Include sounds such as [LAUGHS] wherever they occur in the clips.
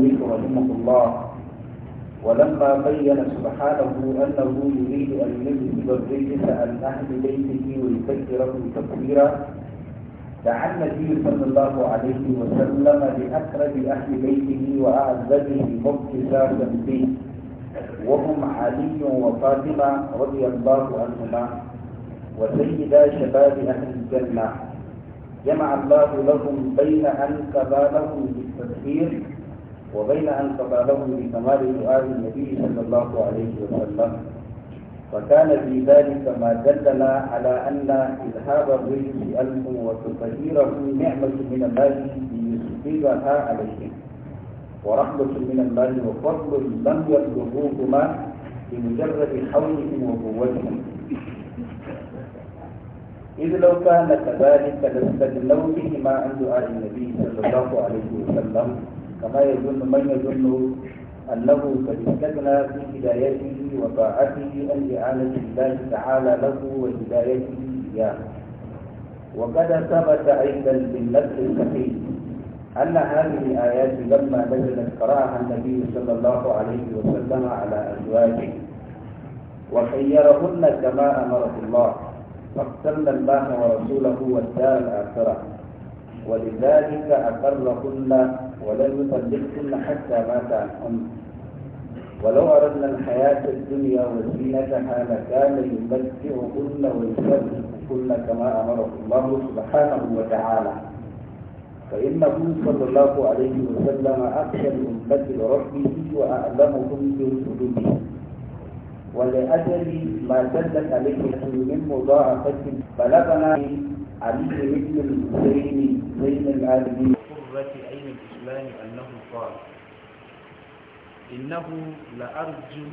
المؤلف رحمه الله ولما بين سبحانه أنه يريد أن يذهب الرجس عن أهل بيته ويكفره تكفيرا دعا النبي صلى الله عليه وسلم لأكرم أهل بيته واعزبه مبتسا به وهم علي وفاطمة رضي الله عنهما وسيدا شباب أهل الجنة جمع الله لهم بين أن قبالهم بالتكفير وبين أن فقاله بكمال دعاء النبي صلى الله عليه وسلم وكان في ذلك ما دلنا على أن إذهاب الرجل ألف وتطهيره نعمة من الله ليصيبها عليهم ورحمة من الله وفضل لم يبلغوهما بمجرد حولهم وقوتهم إذ لو كان كذلك لاستدلوا بهما عن دعاء النبي صلى الله عليه وسلم كما يظن من يظن أنه قد استغنى في هدايته وطاعته أن إعانة الله تعالى له وهدايته إياه وقد ثبت عند بالنفس الكثير أن هذه الآيات لما نزلت قرأها النبي صلى الله عليه وسلم على أزواجه وخيرهن كما أمره الله فاقتلن الله ورسوله والدار الآخرة ولذلك أقرهن ولن يطلقكن حتى مات عنهن ولو أردنا الحياة الدنيا وزينتها لكان يمتعهن ويسرحكن كما أمره الله سبحانه وتعالى فإنه صلى الله عليه وسلم أخشى الأمة لربه وأعلمهم بوجوده ولأجل ما دلت عليه من مضاعفة بلغنا علي بن الحسين زين العالمين قرة الشيبان أنه قال إنه لأرجو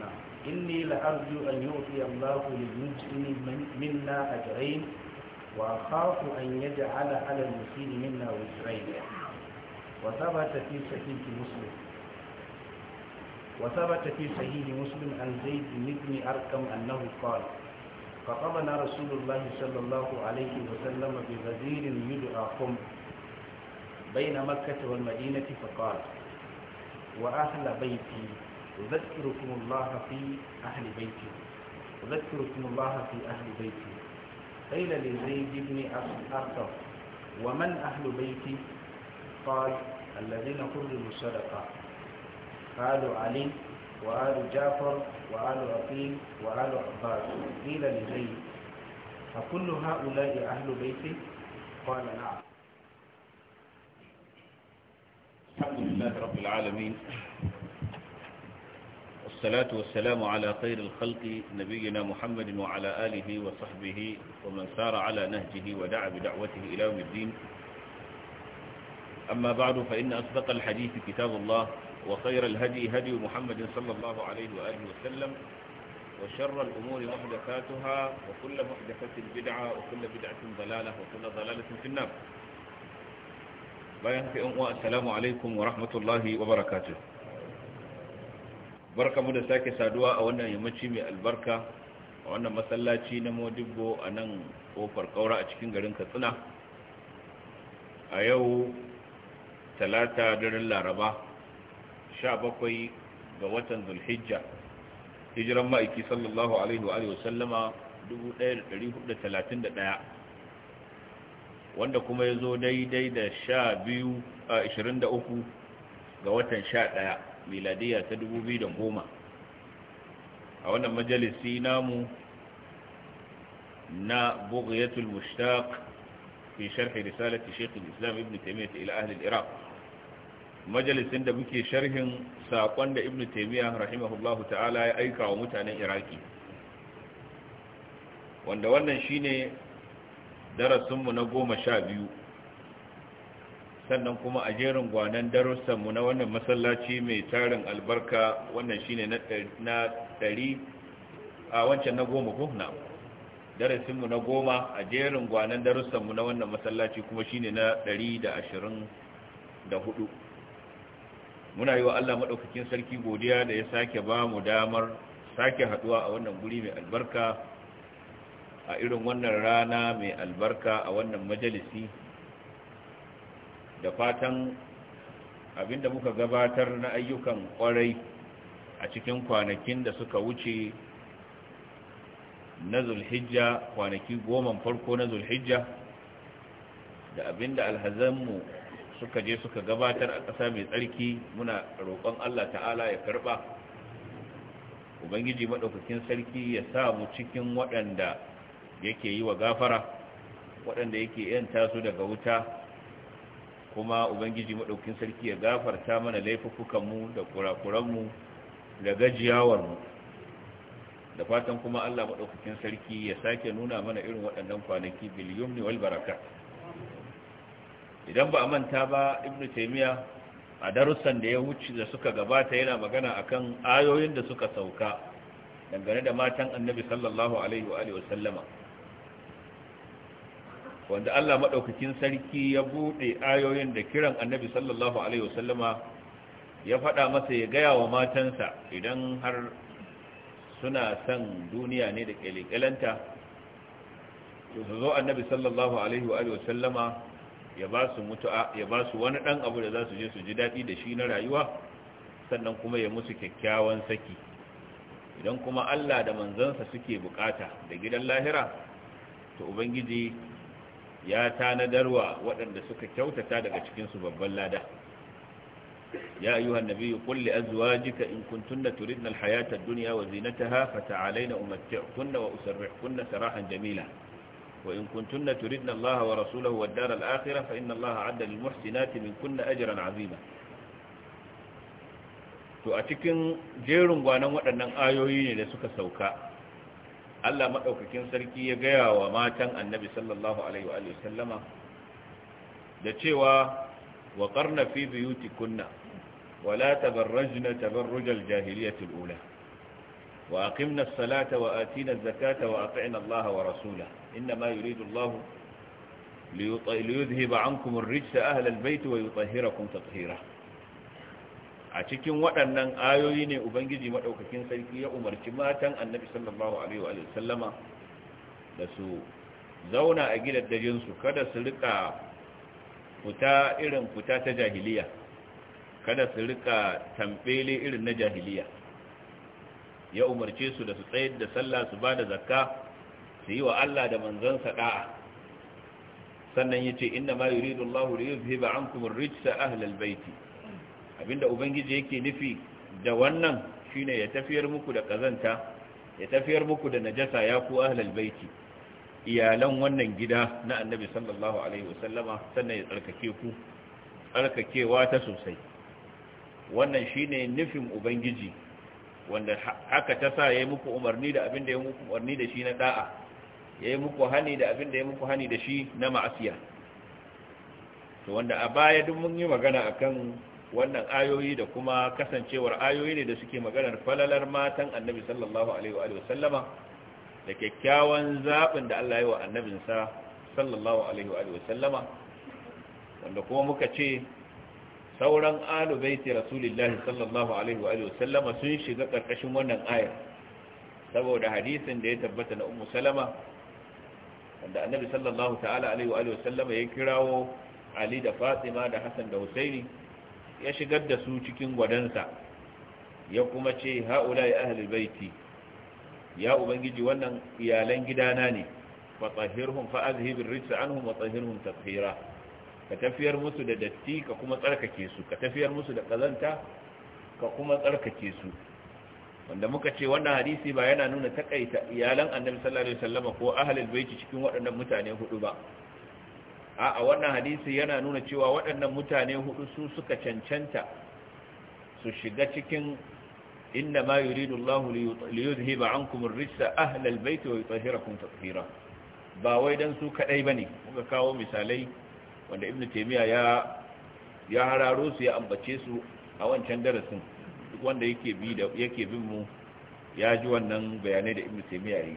نعم. إني لأرجو أن يعطي الله للمجرم منا أجرين وأخاف أن يجعل على المسيء منا وزرين وثبت في صحيح مسلم وثبت في صحيح مسلم عن زيد بن أركم أنه قال خطبنا رسول الله صلى الله عليه وسلم بغزير يدعى قم بين مكة والمدينة فقال وأهل بيتي أذكركم الله في أهل بيتي أذكركم الله في أهل بيتي قيل لزيد بن أرقم ومن أهل بيتي قال الذين قرروا الصدقة قالوا علي وآل جعفر وآل عقيل وآل عباس قيل لزيد أكل هؤلاء أهل بيتي قال نعم الحمد لله رب العالمين والصلاة والسلام على خير الخلق نبينا محمد وعلى آله وصحبه ومن سار على نهجه ودعا بدعوته إلى يوم الدين أما بعد فإن أصدق الحديث كتاب الله وخير الهدي هدي محمد صلى الله عليه وآله وسلم وشر الأمور محدثاتها وكل محدثة بدعة وكل بدعة ضلالة وكل ضلالة في النار bayan haka yan uwa assalamu alaikum wa rahmatullahi wa barakatuh barkamu da sake saduwa a wannan yammaci mai albarka a wannan masallaci na modibbo a nan kofar kaura a cikin garin katsina a yau talata daren laraba sha bakwai ga watan zulhijja hijiran ma'aiki sallallahu alaihi wa sallama 1431 wanda kuma ya zo daidai da sha biyu a ishirin da uku ga watan sha ɗaya miladiya ta dubu biyu da goma a wannan majalisi namu na bugiyatul mushtaq fi sharhi risalati shaykh al-islam ibn ta ila ahli al-iraq majalisin da muke sharhin sakon da ibn taymiyyah rahimahullahu ta'ala ya aika wa mutanen iraki wanda wannan shine darasinmu na goma sha biyu sannan kuma a jerin gwanan darussanmu na wannan masallaci mai tarin albarka wannan shine na ɗari a wancan na goma ko na darasinmu na goma a jerin gwanan darussanmu na wannan masallaci kuma shine na ɗari da ashirin da hudu muna yi wa Allah maɗaukakin sarki godiya da ya sake ba mu damar sake haɗuwa a wannan guri mai albarka a irin wannan rana mai albarka a wannan majalisi da fatan abinda muka gabatar na ayyukan kwarai a cikin kwanakin da suka wuce na zulhijja kwanaki goman farko na zulhijja da abinda alhazanmu suka je suka gabatar a ƙasa mai tsarki muna roƙon Allah ta'ala ya karɓa ubangiji maɗaukakin sarki ya sa mu cikin waɗanda yake yi wa gafara waɗanda yake yanta su daga wuta kuma ubangiji maɗaukin sarki ya gafarta mana laifukanmu da kurakuranmu da gajiyawarmu da fatan kuma Allah maɗaukakin sarki ya sake nuna mana irin waɗannan kwanaki biliyum wal baraka idan ba a manta ba ibnu taymiya a darussan da ya wuce da suka gabata yana magana akan ayoyin da suka sauka dangane da matan annabi sallallahu alaihi wa alihi wanda Allah madaukakin sarki ya buɗe ayoyin da kiran annabi sallallahu alaihi wasallama ya faɗa masa ya gaya wa matansa idan har suna son duniya ne da ƙyalƙyalanta su zo annabi sallallahu alaihi wa ya ba su ya ba su wani ɗan abu da za su je su ji daɗi da shi na rayuwa sannan kuma ya musu kyakkyawan saki idan kuma Allah da manzansa suke bukata da gidan lahira to ubangiji ya tanadarwa waɗanda suka kyautata daga cikinsu babban lada ya ayyuha annabiyyu qul li azwajika in kuntunna turidna alhayata ad-dunya wa zinataha fata'alayna umatti'kunna wa usarrihkunna sarahan jamila wa in kuntunna turidna Allah wa rasulahu wa wad-dara al-akhirah fa inna Allah 'adda lil muhsinati minkunna ajran 'azima to a cikin jerin gwanan waɗannan ayoyi ne da suka sauka Allah maɗaukakin sarki ya gaya wa matan annabi sallallahu alaihi wa sallama da cewa wa karna fi biyuti kunna wa la tabarrajna tabarrujal jahiliyatul ula wa aqimna as-salata wa atina zakata wa atina Allah wa rasula inna ma yuridu Allah liyudhhiba ankum ar-rijsa ahla al-bayt wa yutahhirakum tatheera a cikin waɗannan ayoyi ne ubangiji maɗaukakin sarki ya umarci matan annabi sallallahu alaihi wa sallama da su zauna a gidaddajinsu kada su rika fita irin fita ta jahiliya kada su rika tambele irin na jahiliya ya umarce su da su tsayar da sallah su ba da zakka su yi wa Allah da manzansa da'a sannan yace inna ma yuridu Allahu li yuzhiba ankum ar-rijsa ahlal baiti abinda ubangiji yake nufi da wannan shine ya tafiyar muku da kazanta ya tafiyar muku da najasa ya ku ahlal baiti iyalan wannan gida na annabi sallallahu alaihi wasallama sannan ya tsarkake ku tsarkakewa ta sosai wannan shine nufin ubangiji wanda haka ta sa yayi muku umarni da abin da yayi muku umarni da shi na da'a yayi muku hani da abin da yayi muku hani da shi na ma'asiya to wanda a baya duk mun yi magana akan wannan ayoyi da kuma kasancewar ayoyi ne da suke maganar falalar matan annabi sallallahu alaihi wa sallama da kyakkyawan zaɓin da Allah ya wa annabinsa sallallahu alaihi wa sallama wanda kuma muka ce sauran alu baiti rasulillahi sallallahu alaihi wa sallama sun shiga ƙarƙashin wannan aya, saboda hadisin da ya tabbata na ummu salama wanda annabi sallallahu ta'ala alaihi wa sallama ya kirawo ali da fatima da hasan da husaini ya shigar da su cikin gwadansa ya kuma ce haula ya ahli baiti ya ubangiji wannan iyalan gidana ne fa tahirhum fa azhibir rijsa anhum wa tahirhum tafira ka tafiyar musu da datti ka kuma tsarkake su ka tafiyar musu da kazanta ka kuma tsarkake su wanda muka ce wannan hadisi ba yana nuna takaita iyalan annabi sallallahu alaihi wasallam ko ahlul baiti cikin waɗannan mutane hudu ba a wannan hadisi yana nuna cewa waɗannan mutane hudu su suka cancanta su shiga cikin inna ma yi ridu Allah li zuhi ba an kuma ahla al baiti wa yutahhirakum tatheera ba wai don su kadai ne. muka kawo misalai wanda Ibn taimiyya ya hararo su ya ambace su a wancan darasin duk wanda yake bin mu ya ji wannan bayanai da ibn taimiyya yi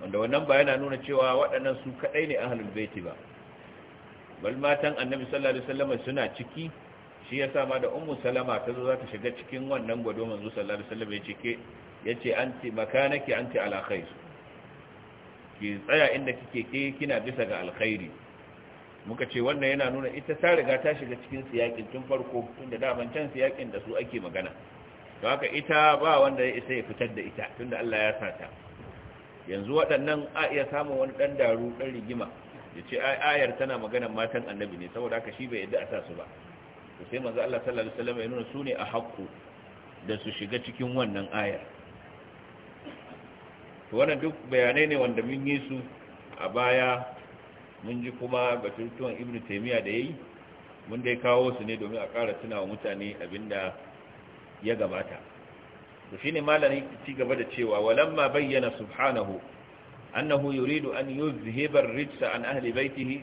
wanda wannan ba yana nuna cewa waɗannan su kadai ne ahlul baiti ba bal matan annabi sallallahu alaihi wasallam suna ciki shi yasa ma da ummu salama ta zo za ta shiga cikin wannan gwado manzo sallallahu alaihi wasallam ya ce ke yace anti makanaki anti ala khair ki tsaya inda kike ke kina bisa ga alkhairi muka ce wannan yana nuna ita ta riga ta shiga cikin siyakin tun farko tunda ban can siyakin da su ake magana to haka ita ba wanda ya isa ya fitar da ita tunda Allah ya sa ta yanzu waɗannan a iya samun wani dan daru dan rigima ya ce ayar tana maganar matan annabi ne saboda haka shi bai yadda a sa su ba to sai manzo Allah sallallahu alaihi wasallam ya nuna su ne a hakku da su shiga cikin wannan ayar to wannan duk bayanai ne wanda mun yi su a baya mun ji kuma batutuwan ibnu taymiya da yayi mun dai kawo su ne domin a ƙara tuna wa mutane abinda ya gabata to shine malami ci gaba da cewa walamma bayyana subhanahu أنه يريد أن يذهب الرجس عن أهل بيته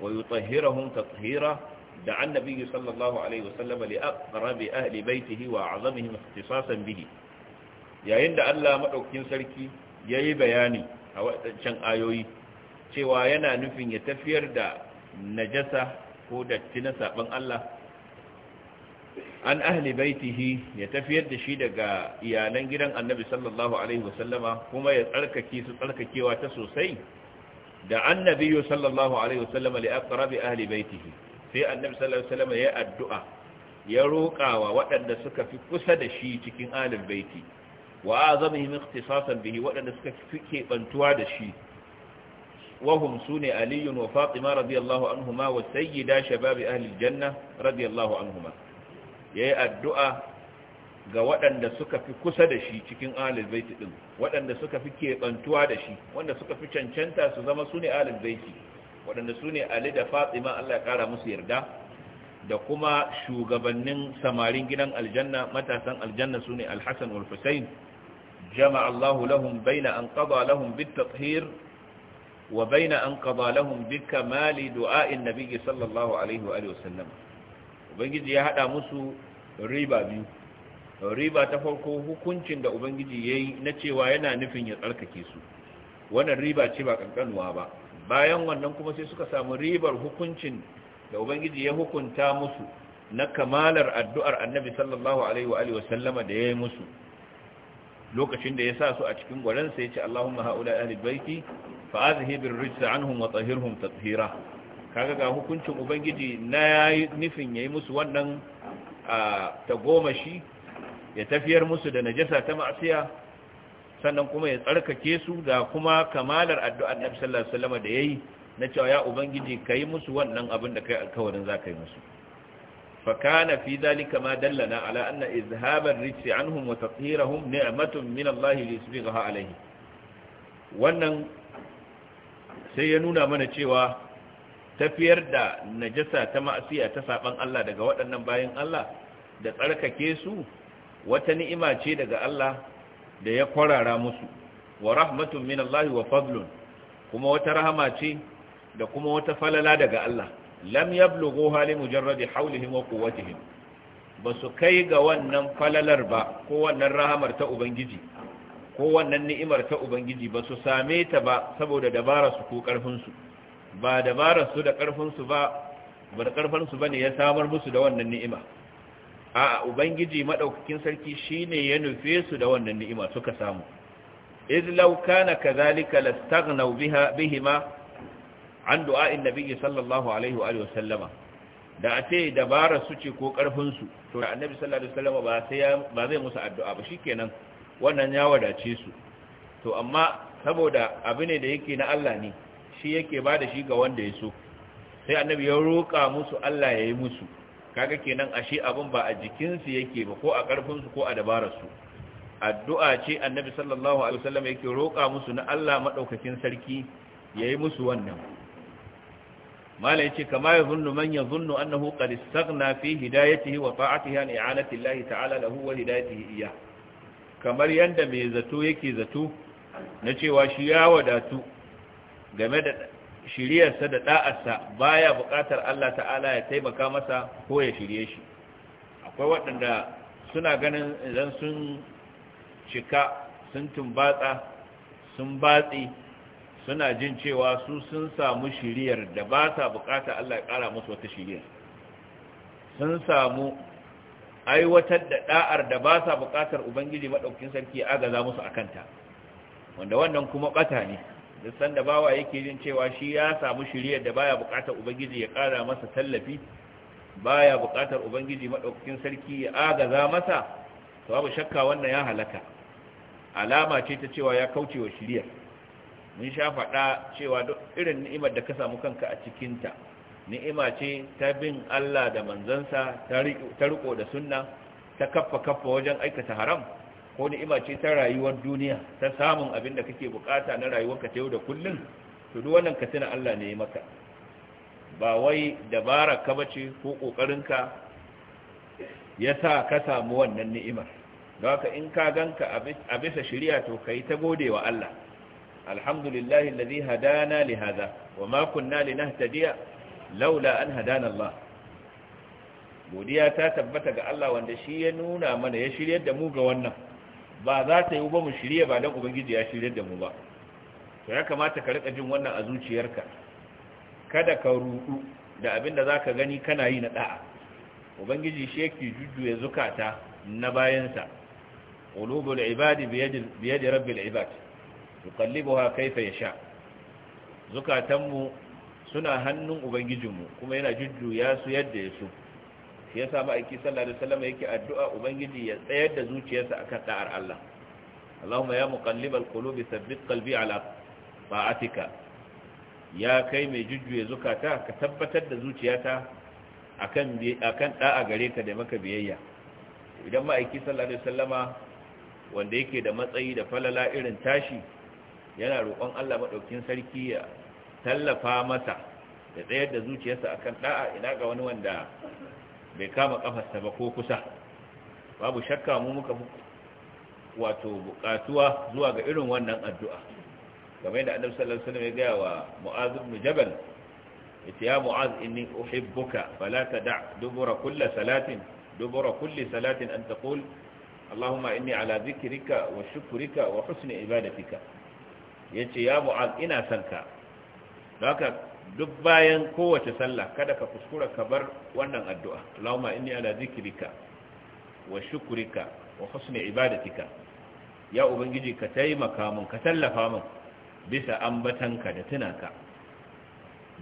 ويطهرهم تطهيرا دعا النبي صلى الله عليه وسلم لأقرب أهل بيته وأعظمهم اختصاصا به يا عند الله مدوكين سركي yayi bayani a waɗancan ayoyi cewa yana nufin ya tafiyar da najasa ko datti na saban Allah an ahli baitihi ya tafiyar da shi daga iyalan gidan annabi sallallahu alaihi wasallama kuma ya tsarkake su tsarkakewa ta sosai da annabi sallallahu alaihi wasallama li aqrabi ahli baitihi sai annabi sallallahu alaihi wasallama ya addu'a ya roƙawa waɗanda suka fi kusa da shi cikin ahlul baiti wa azamihim ikhtisasan bihi waɗanda suka fi kebantuwa da shi وهم سوني علي وفاطمة رضي الله عنهما والسيدة شباب أهل الجنة رضي الله عنهما ya yi addu'a ga waɗanda suka fi kusa da shi cikin ahalul baiti ɗin waɗanda suka fi keɓantuwa da shi wanda suka fi cancanta su zama su ne ahalul baiti waɗanda su ne ali da fatima allah ƙara musu yarda da kuma shugabannin samarin gidan aljanna matasan aljanna su ne alhassan walfusain jama'a allahu lahum baina an qada lahum bit wa baina an qada lahum bi kamali du'a'in nabiyyi sallallahu alaihi wa sallam ubangiji ya haɗa musu riba biyu riba ta farko hukuncin da ubangiji ya yi na cewa yana nufin ya tsarkake su wannan riba ce ba kankanuwa ba bayan wannan kuma sai suka samu ribar hukuncin da ubangiji ya hukunta musu na kamalar addu'ar annabi sallallahu alaihi wa da ya yi musu lokacin da ya sa su a cikin gwaransa ya ce allahumma ha'ula ahli baiti fa azhibir rijsa anhum wa tahhirhum tathira kaga ga hukuncin ubangiji na yayi nufin yi musu wannan ta goma shi ya tafiyar musu da najasa ta ma'asiya sannan kuma ya tsarkake su da kuma kamalar addu'ar Nabi sallallahu alaihi wasallam da yayi na cewa ya ubangiji yi musu wannan abin da kai alkawarin zaka yi musu fa fi zalika ma dallana ala anna izhabar rijsi anhum wa tatheerahum ni'matun min Allah lisbigha alaihi wannan sai ya nuna mana cewa tafiyar da najasa ta ma'asiya ta saban Allah daga waɗannan bayan Allah da tsarkake su wata ni'ima ce daga Allah da ya kwarara musu wa rahmatun min Allah wa fadlun kuma wata rahama ce da kuma wata falala daga Allah lam yablughu hali mujarradi hawlihim wa quwwatihim ba su kai ga wannan falalar ba ko wannan rahamar ta ubangiji ko wannan ni'imar ta ubangiji ba su same ta ba saboda dabara su ko karfin su ba su da ƙarfinsu ba ba da ƙarfinsu ba ne ya samar musu da wannan ni'ima a ubangiji maɗaukakin sarki shi ne ya nufe su da wannan ni'ima suka samu izlau kana kazalika lastaghnau biha bihima an du'a'in nabiyyi sallallahu alaihi wa alihi da a ce dabara su ce ko ƙarfin su to annabi sallallahu alaihi wa ba sai ba zai musu addu'a ba shikenan wannan ya wadace su to amma saboda abu ne da yake na Allah ne shi yake ba da shi ga wanda ya so sai annabi ya roƙa musu Allah ya yi musu kaga kenan ashe abin ba a jikinsu yake ba ko a ƙarfinsu ko a dabararsu addu'a ce annabi sallallahu alaihi wasallam yake roƙa musu na Allah madaukakin sarki ya yi musu wannan malai ce kama ya zunnu man ya zunnu annahu qad istaghna fi hidayatihi wa ta'atihi an i'anati Allah ta'ala lahu wa hidayatihi iya kamar yanda mai zato yake zato na cewa shi ya wadatu game da shiryarsa da ɗa'arsa, baya buƙatar Allah ta'ala ya taimaka masa ko ya shirye shi akwai waɗanda suna ganin idan sun cika sun tumbatsa sun batsi suna jin cewa su sun samu shiriyar da ba ta buƙatar Allah ya ƙara musu wata shiryar sun samu aiwatar da ɗa'ar da ba sa buƙatar ubangiji maɗaukin sarki ya agaza musu a kanta wanda wannan kuma ɓata ne duk da bawa yake jin cewa shi ya samu shiriyar da baya bukatar ubangiji ya kara masa tallafi baya bukatar ubangiji madaukakin sarki ya agaza masa to babu shakka wannan ya halaka alama ce ta cewa ya kauce wa shiriyar mun sha faɗa cewa duk irin ni'imar da ka samu kanka a cikin ta ni'ima ce ta bin Allah da manzansa ta riko da sunna ta kaffa kaffa wajen aikata haram ko ni'ima ce ta rayuwar duniya ta samun abin da kake bukata na rayuwarka ta yau da kullun? to duk wannan ka tuna Allah ne ya maka ba wai dabara ka bace ko kokarinka ya sa ka samu wannan ni'imar don haka in ka ganka a bisa shari'a to kai ta gode wa Allah alhamdulillahi alladhi hadana li hadha wa ma kunna linahtadiya laula an hadana Allah godiya ta tabbata ga Allah wanda shi ya nuna mana ya shiryar da mu ga wannan ba za ta yi ba mu shirya ba don ubangiji ya shirya da mu ba to ya kamata ka rika jin wannan a zuciyarka kada ka rudu da abinda za ka gani kana yi na da'a ubangiji shi yake jujjuya zukata na bayansa qulubul ibadi bi yadi rabbil ibad yuqallibuha kayfa yasha zukatanmu suna hannun ubangijinmu kuma yana jujjuya su yadda ya so shi yasa ma'aiki sallallahu alaihi wasallam yake addu'a ubangiji ya tsayar da zuciyarsa akan da'ar Allah Allahumma ya muqallibal qulubi thabbit qalbi ala ta'atika ya kai mai jujjuye zukata ka tabbatar da zuciyata akan akan da'a gare ka da maka biyayya idan ma'aiki sallallahu alaihi wasallama wanda yake da matsayi da falala irin tashi yana roƙon Allah madaukin sarki ya tallafa masa da tsayar da zuciyarsa akan da'a ina ga wani wanda bai kama kafarsa ba ko kusa babu shakka mu muka wato bukatuwa zuwa ga irin wannan addu'a kamar yadda annabi sallallahu alaihi wasallam ya gaya wa mu'az ibn jabal yace ya mu'az inni uhibbuka fala tada' dubura kulli salatin dubura kulli salatin an taqul allahumma inni ala dhikrika wa shukrika wa husni ibadatika yace ya mu'az ina sanka haka duk bayan kowace sallah kada ka kuskura ka bar wannan addu'a Allahumma inni ala zikrika wa shukrika wa husni ibadatika ya ubangiji ka taimaka min ka tallafa min bisa ambatanka da tunaka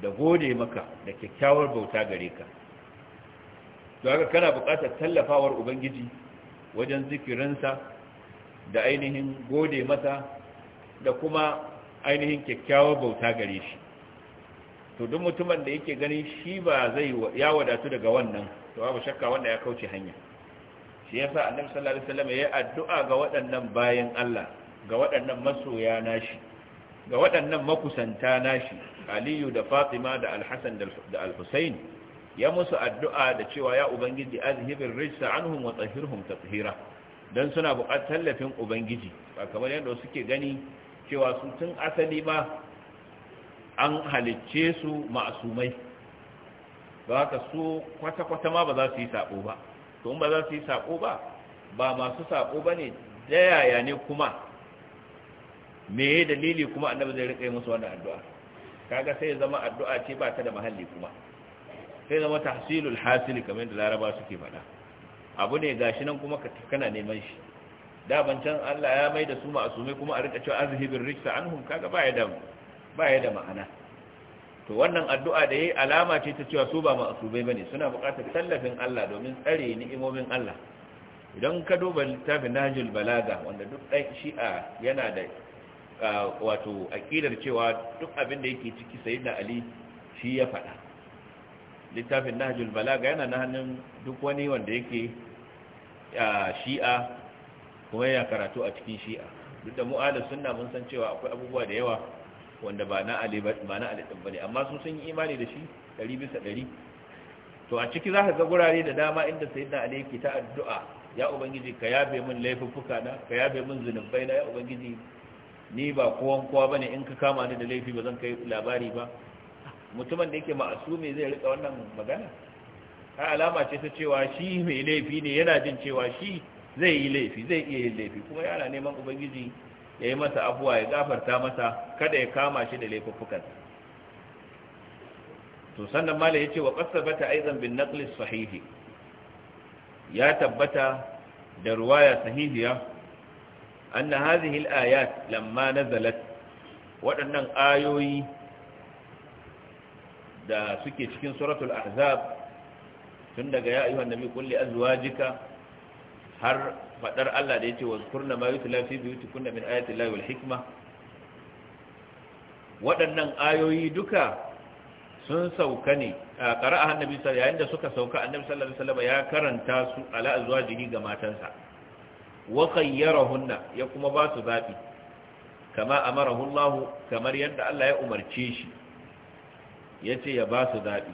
da gode maka da kyakkyawar bauta gare ka to haka kana buƙatar tallafawar ubangiji wajen zikirinsa da ainihin gode masa da kuma ainihin kyakkyawar bauta gare shi to duk mutumin da yake ganin shi ba zai ya wadatu daga wannan to babu shakka wanda ya kauce hanya shi yasa annabi sallallahu alaihi wasallam ya addu'a ga waɗannan bayan Allah ga waɗannan masoya nashi ga waɗannan makusanta nashi Aliyu da Fatima da Al-Hasan da Al-Husayn ya musu addu'a da cewa ya ubangiji azhibir rijsa anhum wa tahhirhum tathira dan suna buƙatar tallafin ubangiji ba kamar yadda suke gani cewa su tun asali ba an halicce su ma'asumai ba ka so kwata-kwata ma ba za su yi saƙo ba to ba za su yi saƙo ba ba masu saƙo ba ne da ne kuma me ya dalili kuma annabi zai riƙa yi musu wannan addu'a kaga sai zama addu'a ce ba ta da mahalli kuma sai zama tahsilul hasili kamar da laraba suke faɗa abu ne gashi nan kuma kana neman shi da ban can Allah ya mai da su ma'asumai kuma a rika cewa azhibir rijsa anhum kaga ba ya damu ba ya da ma'ana to wannan addu'a da yayi alama ce ta cewa su ba ma'asubai bane suna buƙatar tallafin Allah domin tsare ni'imomin Allah idan ka duba littafin Nahjul Balaga wanda duk ɗan Shi'a yana da wato aqidar cewa duk abin da yake ciki sayyidina Ali shi ya faɗa littafin Nahjul Balaga yana na hannun duk wani wanda yake Shi'a kuma ya karatu a cikin Shi'a duk da mu'adar sunna mun san cewa akwai abubuwa da yawa wanda ba na ali ba ne, amma su sun yi imani da shi ɗari bisa ɗari. to a ciki zaka ga gurare da dama inda sai na yake ta addu'a ya ubangiji ka yabe min laifuffuka na ka yabe min zunubai na ya ubangiji ni ba kowan kowa bane in ka kama ni da laifi ba zan kai labari ba mutumin da yake ma'asumi zai rika wannan magana a alama ce ta cewa shi mai laifi ne yana jin cewa shi zai yi laifi zai iya yin laifi kuma yana neman ubangiji ya yi masa afuwa ya gafarta masa kada ya kama shi da laifuffukan to sannan mala ya ce wa kasabata aizan bin naqli sahihi ya tabbata da ruwaya sahihiya anna hadhihi al-ayat lamma nazalat waɗannan ayoyi da suke cikin suratul ahzab tun daga ya ayyuhan nabi kulli azwajika har fadar Allah da ya yace wazkurna ma yutla fi buyutikunna min ayati llahi wal hikma waɗannan ayoyi duka sun sauka ne a qara'a annabi sallallahu yayin da suka sauka annabi sallallahu alaihi wasallam ya karanta su ala azwajihi ga matansa wa khayyarahunna ya kuma ba su zabi kama amarahu Allah kamar yadda Allah ya umarce shi yace ya ba su zabi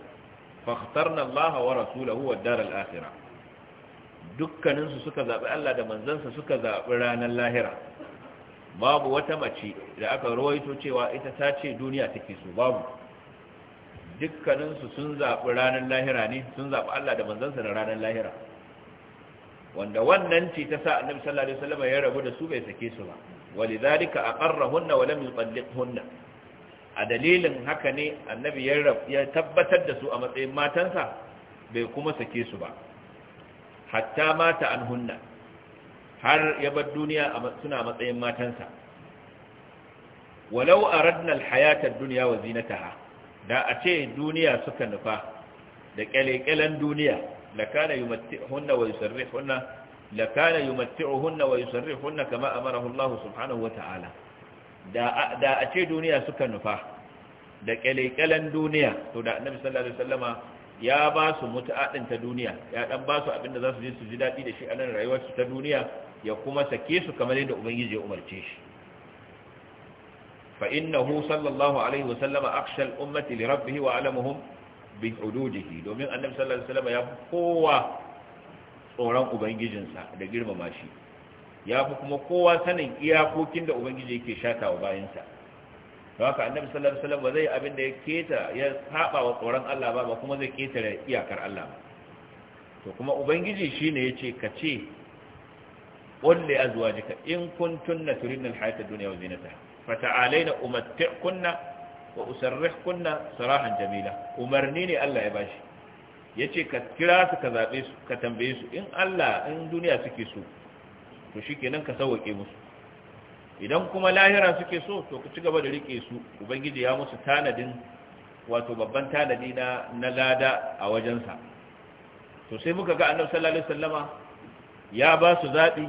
fakhtarna Allah wa rasulahu wad daral akhirah dukkaninsu suka zaɓi Allah da manzansa suka zaɓi ranar lahira babu wata mace da aka rawaito cewa ita ta ce duniya take so babu dukkaninsu sun zaɓi ranar lahira ne sun zaɓi Allah da manzansa da ranar lahira wanda wannan ce ta sa annabi sallallahu alaihi wasallam ya rabu da su bai sake su ba walidhalika aqarrahunna wa lam yutalliqhunna a dalilin haka ne annabi ya tabbatar da su a matsayin matansa bai kuma sake su ba hatta mata an hunna har ya bar duniya suna matsayin matansa walau wa zinataha da a ce duniya suka nufa da kyalekyalen duniya lakana yumatti'uhunna wa wa kama Allah subhanahu wa ta'ala da a ce duniya suka nufa da kyalekyalen duniya to da annabi sallallahu alaihi wasallama ya ba su mutu'a din ta duniya ya dan ba su abinda za su je su ji dadi da shi a nan rayuwar su ta duniya ya kuma sake su kamar yadda ubangiji ya umarce shi fa innahu sallallahu alaihi wa sallama akhsha al ummati li rabbih wa alamuhum bi hududihi domin annabi sallallahu alaihi wasallam ya fi kowa tsoron ubangijinsa da girmama shi ya fi kuma kowa sanin iyakokin da ubangiji yake shatawa bayansa don haka annabi sallallahu alaihi wasallam ba zai abin da ya keta ya saba wa tsoron Allah ba ba kuma zai ketare iyakar Allah ba to kuma ubangiji shine yace ka ce qul li azwajika in kuntunna turidna al-hayata ad-dunya wa zinataha fata'alayna umatti'kunna wa usarrihkunna sarahan jamila umarni ne Allah ya bashi yace ka kira su ka zabe su ka tambaye su in Allah in duniya suke so to shikenan ka sauke musu idan kuma lahira suke so to ku ci gaba da rike su ubangiji ya musu tanadin wato babban tanadi na na lada a wajensa to sai muka ga annabi sallallahu alaihi wasallama ya ba su zabi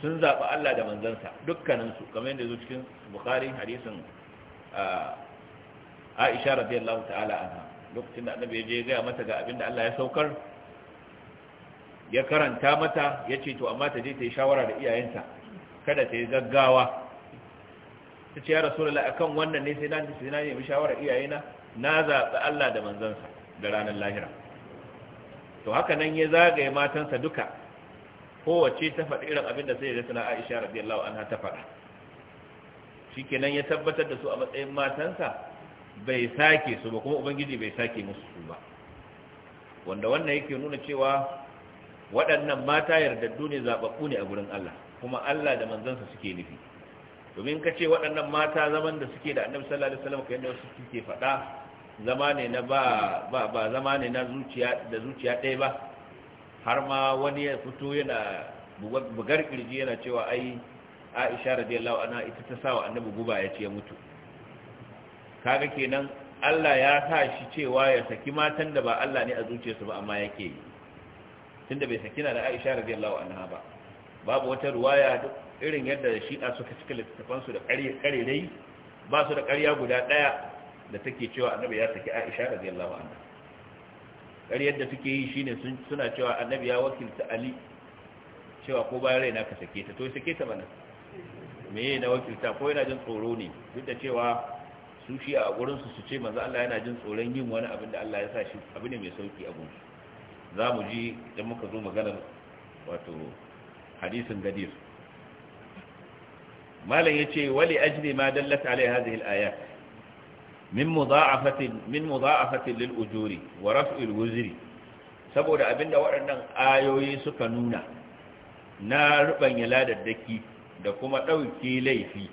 sun zabi Allah da manzansa dukkanin su kamar yadda zo cikin bukhari hadisin Aisha radiyallahu ta'ala anha lokacin da annabi ya je ga mata ga abinda Allah ya saukar ya karanta mata ya ce to amma ta je ta yi shawara da iyayenta kada ta yi gaggawa ta ce ya rasu rasulullah kan wannan ne sai na sai na nemi shawarar iyayena na zaɓi Allah da manzansa da ranar lahira to haka nan ya zagaye matansa duka kowace ta faɗi irin abin da sai ya zai Aisha radiyallahu anha ta faɗa kenan ya tabbatar da su a matsayin matansa bai sake su ba kuma ubangiji bai sake musu su ba wanda wannan yake nuna cewa waɗannan mata yardaddu ne zaɓaɓɓu ne a gurin Allah kuma Allah da manzansa suke nufi domin ka ce waɗannan mata zaman da suke da annabi sallallahu alaihi wasallam kayan da wasu suke faɗa zama ne na ba ba ba zama ne na zuciya da zuciya ɗaya ba har ma wani ya fito yana bugar kirji yana cewa ai Aisha radiyallahu anha ita ta sawa annabi guba ya ce ya mutu kaga kenan Allah ya sa shi cewa ya saki matan da ba Allah ne a zuciyarsu ba amma yake yi tunda bai saki na da Aisha radiyallahu anha ba babu wata ruwaya duk irin yadda shi'a suka cika littattafansu da ƙare dai ba su da ƙarya guda ɗaya da take cewa annabi ya saki aisha radiyallahu anha ƙaryar da suke yi shine suna cewa annabi ya wakilta ali cewa ko bayan raina ka sake ta to ya sake ta bana me na wakilta ko yana jin tsoro ne duk da cewa su shi a gurin su su ce manzo Allah yana jin tsoron yin wani abin da Allah ya sa shi abu ne mai sauki a gunsu za mu ji idan muka zo maganar wato hadisin gadir malam ce wali ajli ma dallat alai hadhihi al-ayat min mudha'afatin min mudha'afatin lil ujuri wa raf'il wuzri saboda abinda waɗannan ayoyi suka nuna na rubanya ladaddaki da kuma ɗauki laifi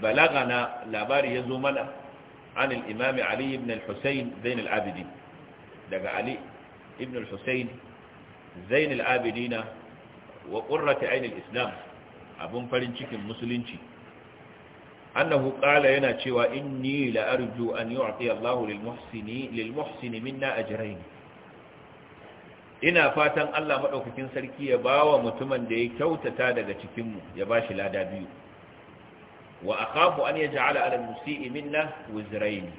balagana labari ya zo mana an al-imam Ali ibn al-Husayn Zain al-Abidin daga Ali ibn al-Husayn Zain al-Abidina wa qurrati ayn al-Islam abin farin cikin musulunci annahu qala yana cewa inni la arju an yu'ti Allahu lil muhsini lil muhsini minna ajrayn ina fatan Allah madaukakin sarki ya bawa mutumin da ya kyautata daga cikin mu ya bashi lada biyu wa akhafu an yaj'ala ala al-musii minna wizrayn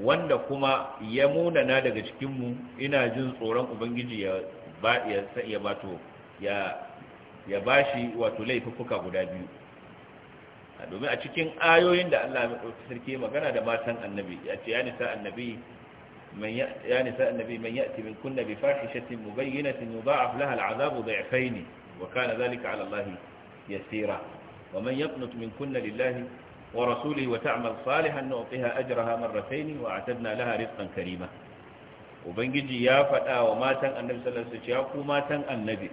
wanda kuma ya munana daga cikin mu ina jin tsoron ubangiji ya ba ya ya bato ya ya bashi wato laifuka-laifuka guda biyu domin a cikin ayoyin da Allah mai ɗauki sarki magana da matan annabi ya ce ya nisa annabi man ya nisa annabi man ya'ti min kunna bi fahishatin mubayyinatin yudha'af laha al'adabu dha'fayn wa kana dhalika 'ala Allah yasira wa man yaqnut min kunna lillahi wa rasulihi wa ta'mal salihan nu'tiha ajraha marratayn wa a'tadna laha rizqan karima ubangiji ya faɗa wa matan annabi sallallahu alaihi wasallam ya ku matan annabi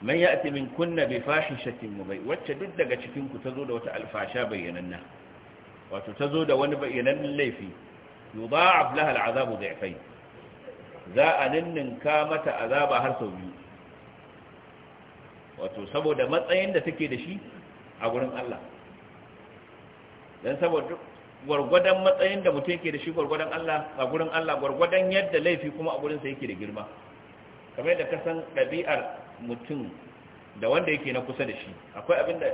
man ya'ti min kunna bi fahishatin mubay wacce duk daga cikin ku tazo da wata alfasha bayyananna wato tazo da wani bayyanannen laifi yudha'af laha al'azabu dhi'fayn za a ninninka mata azaba har sau biyu wato saboda matsayin da take da shi a gurin Allah dan saboda gwargwadon matsayin da mutum yake da shi gwargwadon Allah a gurin Allah gwargwadon yadda laifi kuma a gurin sa yake da girma kamar da kasan san ɗabi'ar mutum da wanda yake na kusa da shi akwai abin da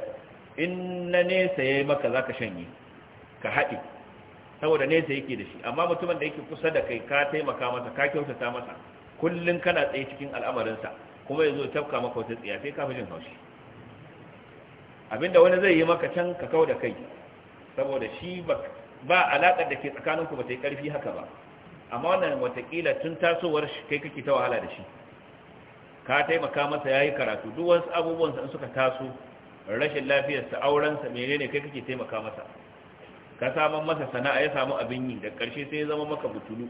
in na nesa ya yi maka za ka shanye ka haɗe saboda nesa yake da shi amma mutumin da yake kusa da kai ka taimaka masa ka kyautata masa kullum kana tsaye cikin al'amarinsa kuma ya zo tafka maka wata tsiya sai ka fi jin haushi abinda wani zai yi maka can ka kawo da kai saboda shi ba alaƙar da ke tsakaninku ba ta yi ƙarfi haka ba amma wannan watakila tun tasowar kai kake ta wahala da shi ka taimaka masa yayi karatu duk wasu abubuwan sa suka taso rashin lafiyar sa auren sa menene kai kake taimaka masa ka samu masa sana'a ya samu abin yi da karshe sai ya zama maka butulu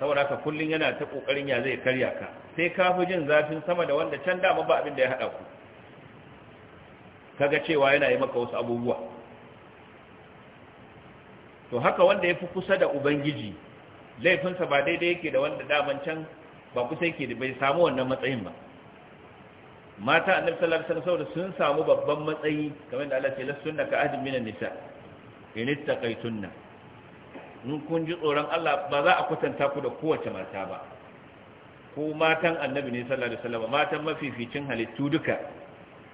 saboda haka kullun yana ta kokarin ya zai karya ka sai ka fi jin zafin sama da wanda can dama ba abin da ya hada ku kaga cewa yana yi maka wasu abubuwa to haka wanda ya fi kusa da ubangiji laifinsa ba daidai yake da wanda daman can ba kusa yake da bai samu wannan matsayin ba mata annabi sallallahu alaihi wasallam sun samu babban matsayi kamar da Allah ya ce lasunna ka ahadin minan nisa in ittaqaytunna in kun ji tsoron Allah ba za a kwatanta ku da kowace mata ba ko matan annabi ne sallallahu alaihi wasallam matan mafificin halittu duka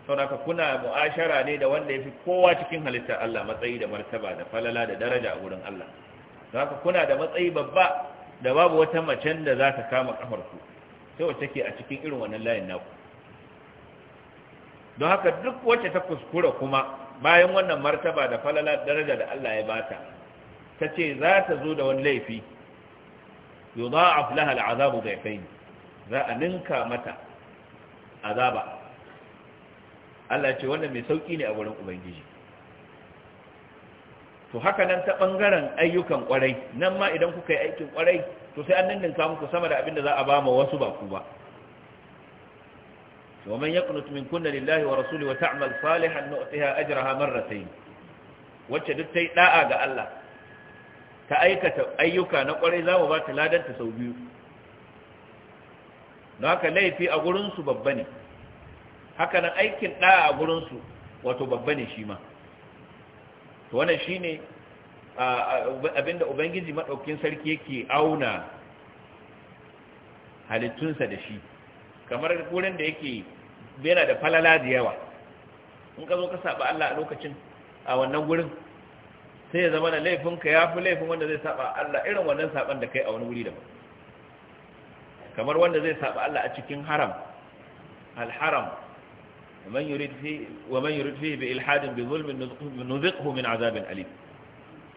saboda kuna mu'ashara ne da wanda yafi kowa cikin halittar Allah matsayi da martaba da falala da daraja a gurin Allah ka kuna da matsayi babba da babu wata macen da za ta kama kafarku sai wacce ke a cikin irin wannan layin naku don haka duk wacce ta kuskura kuma bayan wannan martaba da falala daraja da Allah ya bata ta ce za ta zo da wani laifi yau za a fulaha al'azabu da ya za a ninka mata azaba Allah ce wannan mai sauƙi ne a wurin Ubangiji to haka nan ta bangaren ayyukan ƙwarai, nan ma idan kuka yi aikin kwarai to sai an ninninka ku sama da abin da za a ba ma wasu ba ku ba to man yaqnut min kunna lillahi wa rasuli wa ta'mal salihan nu'tiha ajraha marratayn wacce duk tai da'a ga Allah ta aikata ayyuka na ƙwarai za mu ba ta ladanta sau biyu don haka laifi a gurinsu babba ne haka nan aikin da'a a gurinsu wato babba ne shi ma to wannan shine abinda ubangiji madaukin sarki yake auna halittunsa da shi kamar wurin da yake yana da falala da yawa in ka zo ka saba Allah a lokacin a wannan gurin sai ya zama da laifinka ya fi laifin wanda zai saba Allah irin wannan saban da kai a wani wuri daban kamar wanda zai saba Allah a cikin haram al-haram. ومن يريد فيه ومن يريد فيه بإلحاد بظلم نذقه من عذاب أليم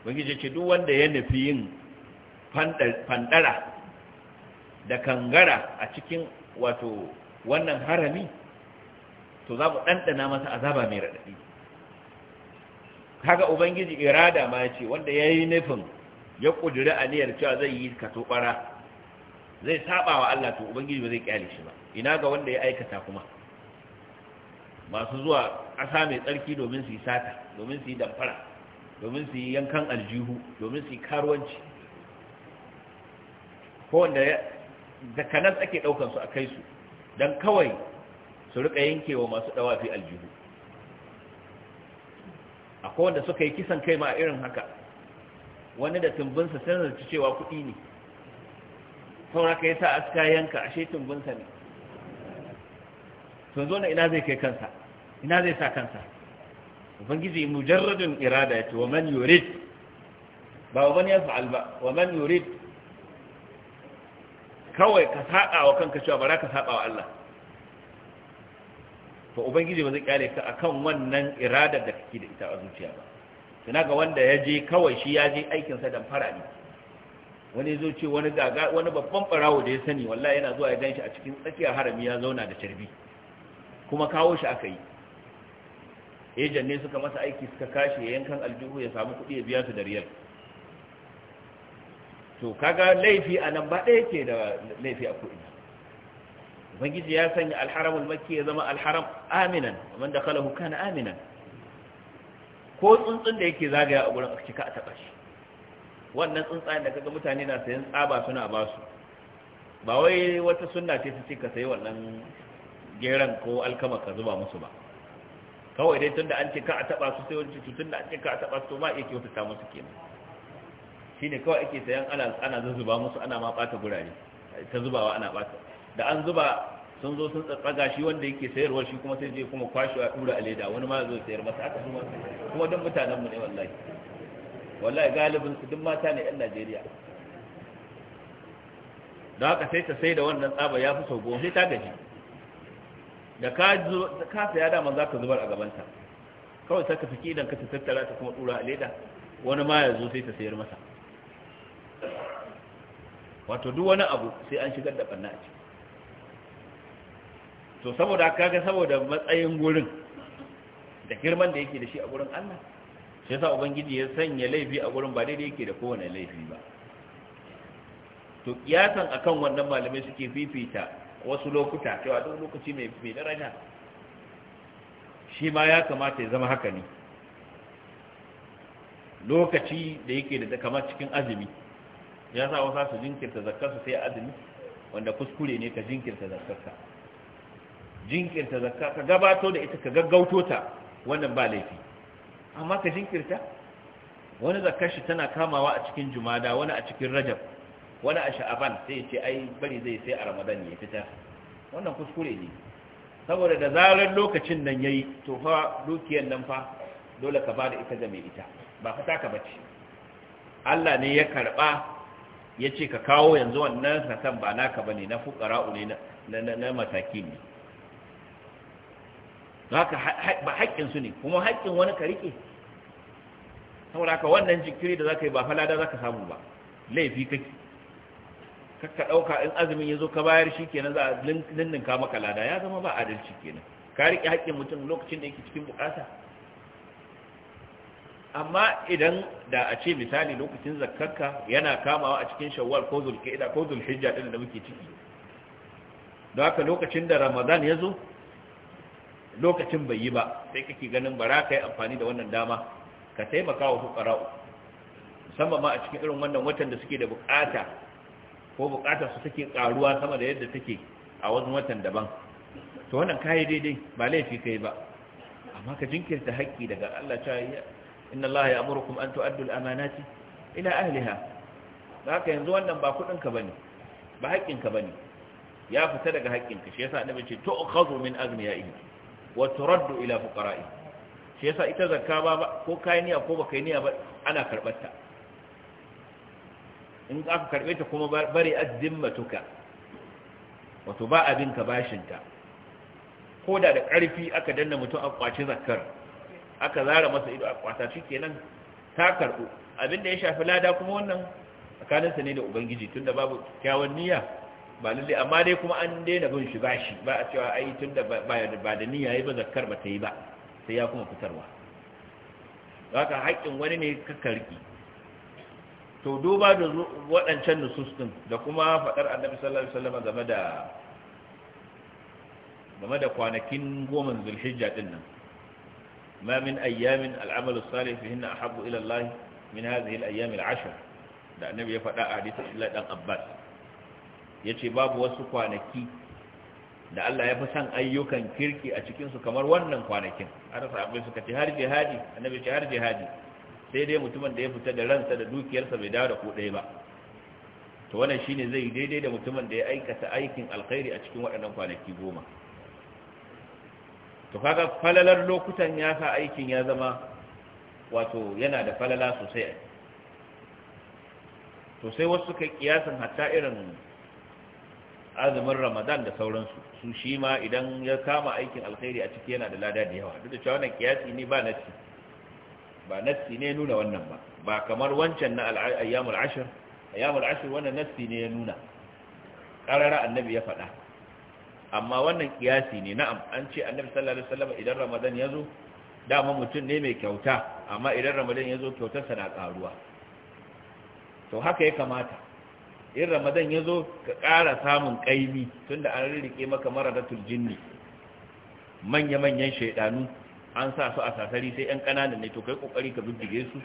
ubangiji ce duk wanda ya nufi yin fandara da kangara a cikin wato wannan harami to za mu ɗanɗana masa azaba mai raɗaɗi kaga ubangiji irada ma ya ce wanda ya yi nufin ya ƙudiri aniyar cewa zai yi kato ɓara zai saba wa Allah to ubangiji ba zai ƙyale shi ba ina ga wanda ya aikata kuma masu zuwa ƙasa mai tsarki domin su yi sata domin su yi damfara domin su yi yankan aljihu domin su yi karuwanci ko wanda da kanas ake ɗaukan su a kai su don kawai su yanke yankewa masu ɗawafi aljihu akwai wanda suka yi kisan kai ma irin haka wani da tumbinsa sun zarci cewa kuɗi ne saura ka yi sa aska yanka ashe tumbinsa ne sun zo na ina zai kai kansa ina zai sa kansa ubangiji mujarradun irada ya ce wa man yurid ba wa man yaf'al ba wa man yurid kawai ka saba wa kanka cewa bara ka saba wa Allah to ubangiji ba zai kyale ka akan wannan irada da kake da ita a zuciya ba tuna ga wanda ya je kawai shi ya je aikin sa dan fara ne wani zo ce wani gaga wani babban barawo da ya sani wallahi yana zuwa ya ganshi a cikin tsakiyar harami ya zauna da carbi kuma kawo shi aka yi ejan ne suka masa aiki suka kashe yankan aljihu ya samu kuɗi ya biya su da riyal to kaga laifi a nan ba ɗaya ke da laifi a kuɗi ubangiji ya sanya alharamul makki ya zama alharam aminan man dakhalahu kana aminan ko tsuntsun da yake zagaya a gurin cika a taɓa shi wannan tsuntsaye da kaga mutane na sayan tsaba suna ba su ba wai wata sunna ce su ce ka sayi wannan geran ko alkama ka zuba musu ba kawai dai tunda an ce ka a taba su sai wani cutu tunda an ce ka a taba su to ma iya kyautata musu kenan shine kawai ake sayan ana ana zuzuba musu ana ma bata gurare ta zubawa ana bata da an zuba sun zo sun tsatsaga shi wanda yake sayarwa shi kuma sai je kuma kwashi a dura a leda wani ma zo sayar masa aka zuba kuma don mutanen mu ne wallahi wallahi galibin su duk mata ne yan Najeriya don haka sai ta sai da wannan tsaba ya fi sau goma sai ta gaji da ka zo ka saya dama za ka zubar a gabanta kawai sai ka fiki idan ka tattara ta kuma tsura a leda wani ma ya zo sai ta sayar masa wato duk wani abu sai an shigar da banna a ciki to saboda kaga saboda matsayin gurin da girman da yake da shi a gurin Allah sai sa ubangiji ya sanya laifi a gurin ba daidai yake da kowane laifi ba to kiyasan akan wannan malamai suke fifita wasu lokuta cewa duk lokaci mai daraja shi ma ya kamata ya zama haka ne lokaci da yake da kamar cikin azumi ya sa wasa su jinkirta zakarsa sai azumi wanda kuskure ne ka jinkirta zakarsa jinkirta zakka ka gabato da ita ka gaggauto ta wannan ba laifi amma ka jinkirta wani zakkar shi tana kamawa a cikin jumada wani a cikin rajab wani a sha'aban sai ce ai bari zai sai a ramadan ya fita wannan kuskure ne saboda da zarar lokacin nan yayi to fa dukiyar nan fa dole ka bada ita ga mai ita ba ka taka bace Allah ne ya karba ya ce ka kawo yanzu wannan zakan ba naka bane na fukara ne na na mataki ne haka ba haƙƙin su ne kuma haƙƙin wani ka rike saboda haka wannan jikiri da zaka yi ba falada zaka samu ba laifi kake Ka ɗauka in azumin ya zo ka bayar shi kenan za a ninninka maka lada ya zama ba adalci kenan ka riƙe haƙƙin mutum lokacin da yake cikin buƙata amma idan da a ce misali lokacin zakkarka yana kamawa a cikin shawwal ko zulqa'ida ko zulhijja din da muke ciki don haka lokacin da ramadan ya zo lokacin bai yi ba sai kake ganin bara ka yi amfani da wannan dama ka taimaka wa fuqara'u musamman ma a cikin irin wannan watan da suke da buƙata ko bukatar su take karuwa sama da yadda take a wani watan daban to wannan kai daidai ba laifi kai ba amma ka jinkirta haƙƙi daga Allah ta yi inna Allah ya amurukum an tu'addu al-amanati ila ahliha haka yanzu wannan ba kudin ka bane ba haƙƙin ka bane ya fita daga haƙƙin ka shi yasa annabi ce tu'khadhu min aghniyaihi wa turaddu ila fuqara'i shi yasa ita zakka ba ko kai niyya ko baka niyya ba ana karbar ta in aka karbe ta kuma bari matuka. wato ba abin ka bashinta ko da da ƙarfi aka danna mutum a kwaci zakkar aka zara masa ido a kwata shikenan ta karbu abin da ya shafi lada kuma wannan tsakaninsa ne da ubangiji tunda babu kyawun niyya ba lalle amma dai kuma an daina bin shi bashi ba a cewa ai tunda ba da niyya yi ba zakkar ba ta yi ba sai ya kuma fitarwa haka haƙƙin wani ne ka karki to duba da waɗancan nusus ɗin da kuma faɗar annabi sallallahu alaihi wasallam game da game da kwanakin goma zulhijja ɗin nan ma min ayyamin al'amalu salih fihinna ahabbu ila Allah min hadhihi al-ayyam al-ashr da annabi ya faɗa a hadisi Allah dan Abbas yace babu wasu kwanaki da Allah ya fi san ayyukan kirki a cikinsu kamar wannan kwanakin har sahabbai suka ce har jihadi annabi ce har jihadi sai dai mutumin da ya fita da ransa da dukiyarsa bai dawo da ko ɗaya ba to wannan shine zai daidai da mutumin da ya aikata aikin alkhairi a cikin waɗannan kwanaki goma to kaga falalar lokutan ya sa aikin ya zama wato yana da falala sosai to sai wasu suka kiyasan hatta irin azumin ramadan da sauransu su shi ma idan ya kama aikin alkhairi a ciki yana da lada da yawa duk da cewa wannan kiyasi ne ba na ci ba nassi ne nuna wannan ba ba kamar wancan na ayyamul ashir ayyamul ashir wannan nassi ne ya nuna karara annabi ya faɗa amma wannan kiyasi ne na'am an ce annabi sallallahu alaihi wasallam idan ramadan ya zo dama mutum ne mai kyauta amma idan ramadan ya zo kyautarsa na karuwa to haka ya kamata in ramadan ya zo ka ƙara samun ƙaimi tunda an rirrike maka maradatul jinni manya-manyan shaidanu an sa su a sasari sai 'yan ƙananan ne to kai ƙoƙari ka bibbige su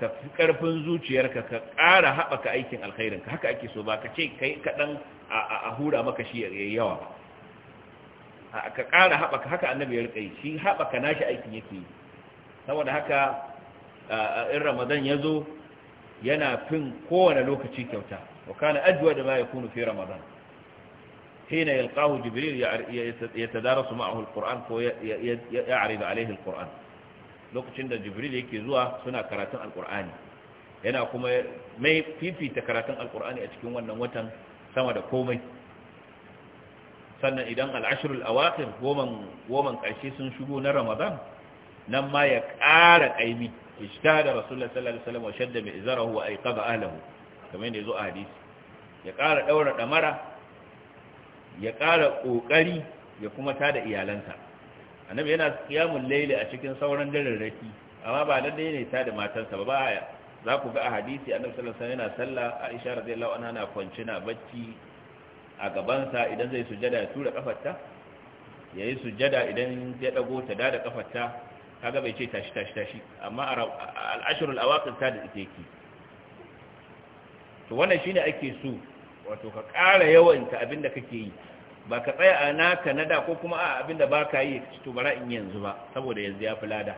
ka fi ƙarfin zuciyarka ka ƙara haɓaka aikin ka haka ake so ba ka ce kai kaɗan a hura maka shi ya yawa ba ka ƙara haɓaka haka annabi ya rikai shi haɓaka nashi aikin yake yi saboda haka in ramadan ya zo yana fin kowane lokaci kyauta wa kana ajiyar da ma ya kunu fi ramadan حين يلقاه جبريل يتدارس معه القرآن ويعرض عليه القرآن lokacin da jibril yake zuwa suna karatun alkur'ani yana kuma mai fifita karatun alkur'ani a cikin wannan watan sama da komai sannan idan al'ashirul awakhir goman goman karshe sun shigo na ramadan nan ma ya ƙara ƙaimi ijtada rasulullahi sallallahu alaihi wasallam wa shadda bi izarahu wa ayqaba ahlihi kamar yadda yazo a hadisi ya ƙara daura mara. ya ƙara ƙoƙari ya kuma ta da iyalanta. annabi yana kiyamun laili a cikin sauran dararraki amma ba dai ne ta da matansa ba ba za ku ga a hadisi annabi sallallahu alaihi wasallam yana sallah Aisha radiyallahu anha na kwanci na bacci a gabansa idan zai sujada ya tura kafarta yayi sujada idan ya dago ta da da kafarta kaga bai ce tashi tashi tashi amma al ashrul awaqit ta da take to wannan shine ake so wato ka ƙara yawanta abin da kake yi ba ka tsaya a naka na da ko kuma a abin da ba ka yi to bara in yanzu ba saboda yanzu ya fi lada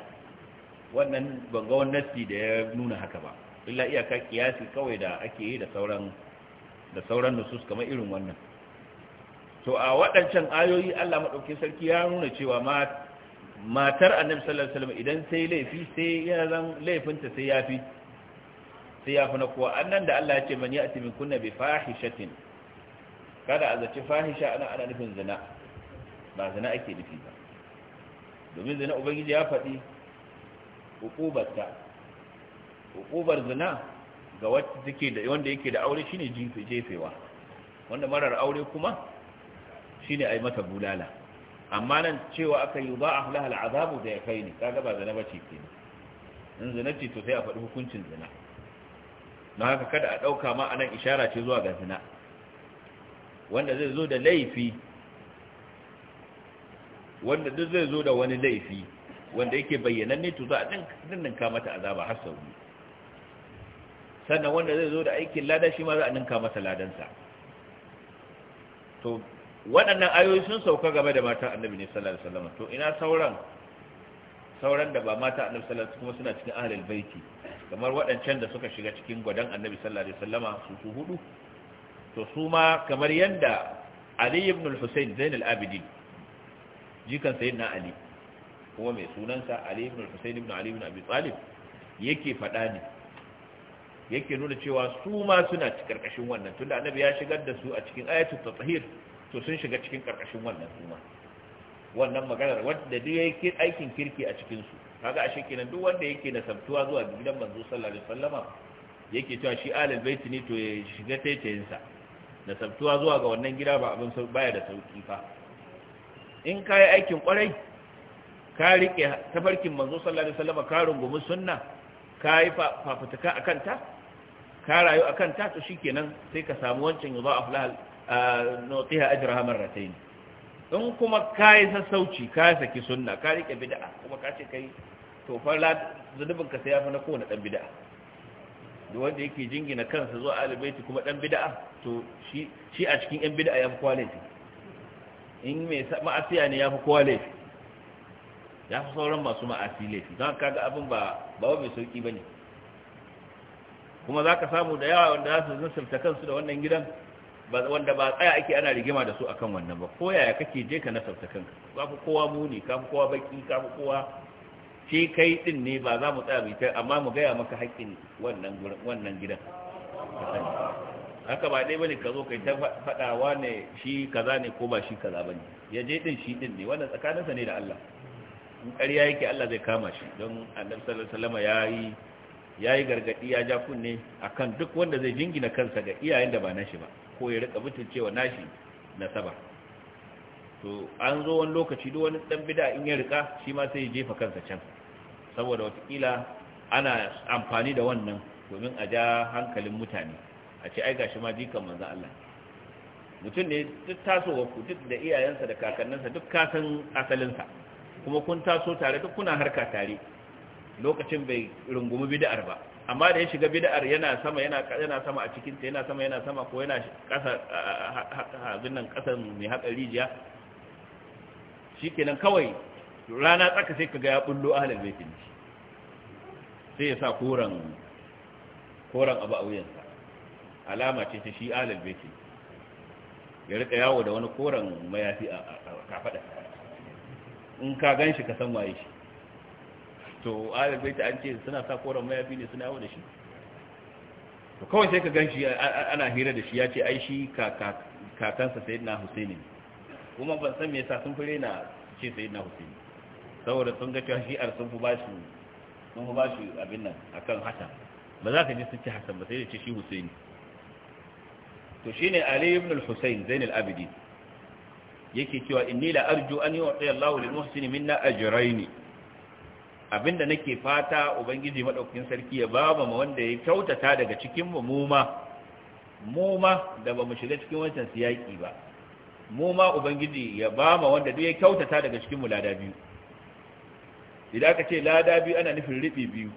wannan bangawan nassi da ya nuna haka ba illa iyaka kiyasi kawai da ake yi da sauran da sauran nusus kamar irin wannan to a waɗancan ayoyi Allah madaukakin sarki ya nuna cewa matar annabi sallallahu alaihi wasallam idan sai laifi sai ya zan laifinta sai ya fi. sai ya fi kuwa kowa annan da Allah ya ce man ya'ti min kunna bi fahishatin kada a zaci fahisha ana ana nufin zina ba zina ake nufi ba domin zina ubangiji ya faɗi hukubarta hukubar zina ga wanda yake da aure shine jefewa wanda marar aure kuma shine ai mata bulala amma nan cewa aka yi ba a hulahal azabu da ya kai ne kaga ba zina bace kenan in zina ce to sai a faɗi hukuncin zina don haka kada a ɗauka ma anan ishara ce zuwa ga zina wanda zai zo da laifi wanda duk zai zo da wani laifi wanda yake bayyananne to za a ninka mata azaba har sau biyu sannan wanda zai zo da aikin lada shi ma za a ninka masa ladansa to waɗannan ayoyi sun sauka game da matan annabi ne sallallahu alaihi wasallam to ina sauran sauran da ba mata annabi sallallahu alaihi wasallam kuma suna cikin ahlul baiti kamar waɗancan da suka shiga cikin gwadon annabi sallallahu alaihi wasallama su su hudu to su ma kamar yanda Ali ibn al-Husayn Zain al-Abidin jikan sayyidina Ali kuma mai sunansa Ali ibn al-Husayn ibn Ali ibn Abi Talib yake fada ne yake nuna cewa su ma suna cikin karkashin wannan tunda annabi ya shigar da su a cikin ayatul tathhir to sun shiga cikin karkashin wannan su ma wannan maganar wanda duk yake aikin kirki a cikin su kaga ashe kenan duk wanda yake da sabtuwa zuwa gidan manzo sallallahu alaihi wasallama yake cewa shi alal bait ne to ya shiga taitayin sa da sabtuwa zuwa ga wannan gida ba abin baya da sauki fa in kai aikin kwarai ka rike tafarkin manzo sallallahu alaihi wasallama ka rungumi sunna ka yi fafutuka akan ta ka rayu akan ta to shikenan sai ka samu wancan yudha aflal nutiha ajraha marratayn in kuma kayi sassauci kayi saki sunna ka rike bid'a kuma ka ce kai to farla zunubin ka sai ya fi na kowane dan bid'a da wanda yake jingina kansa zuwa alibaiti kuma dan bid'a to shi shi a cikin yan bid'a ya fi kwale laifi in mai ma'asiya ne ya fi kwale laifi ya fi sauran masu ma'asi laifi don kaga abin ba ba mai sauki bane kuma zaka samu da yawa wanda za su nasarta kansu da wannan gidan wanda ba tsaya ake ana rigima da su akan wannan ba ko yaya kake je ka nasarta kanka ba ku kowa muni ka fi kowa baki ka fi kowa ce kai din ne ba za mu tsaya mai ta amma mu gaya maka haƙƙin wannan wannan gidan haka ba dai bane ka zo kai ta faɗawa ne shi kaza ne ko ba shi kaza bane ya je din shi din ne wannan tsakaninsa ne da Allah in ƙarya yake Allah zai kama shi don annabi sallallahu alaihi wasallam yayi yayi gargadi ya ja kunne akan duk wanda zai jingina kansa ga iyayen da ba nashi ba ko ya rika mutuncewa nashi nasaba to an zo wani lokaci duk wani dan bid'a in ya rika shi ma sai ya jefa kansa can saboda watakila ana amfani da wannan domin a ja hankalin mutane a ce ai gashi ma jikan manzo Allah mutum ne duk wa ku duk da iyayensa da kakanninsa duk kasan asalinsa kuma kun taso tare duk kuna harka tare lokacin bai rungumi bid'ar ba amma da ya shiga bid'ar yana sama yana yana sama a cikin yana sama yana sama ko yana kasa abin nan kasan mai haƙa rijiya shikenan kawai rana tsaka sai kaga ya bullo ahlul bait sai ya sa koran koran abu a sa alama ce ta shi ahlul bait ya rika yawo da wani koran mayafi a kafada in ka ganshi ka san waye shi to ahlul baita an ce suna sa koren mayafi ne suna yawo da shi to kawai sai ka ganshi ana hira da shi ya ce ai shi kakansa sayyidina husaini kuma ban san me yasa sun fure na ce sayyidina husaini saboda sun ga cewa shi'ar sun fi bashi sun fi bashi abin nan akan hasan ba za ka ji sun ci hasan ba sai da ce shi husaini to shine ali ibn al-husayn zain al-abidin yake cewa inni la arju an yu'ti Allahu lil muhsini minna ajrayni abinda nake fata ubangiji madaukakin sarki ya baba mu wanda ya kyautata daga cikin mu muma muma da bamu shiga cikin wancan siyaki ba muma ubangiji ya bama wanda duk ya kyautata daga cikin mu lada biyu idan aka ce lada biyu ana nufin ribi biyu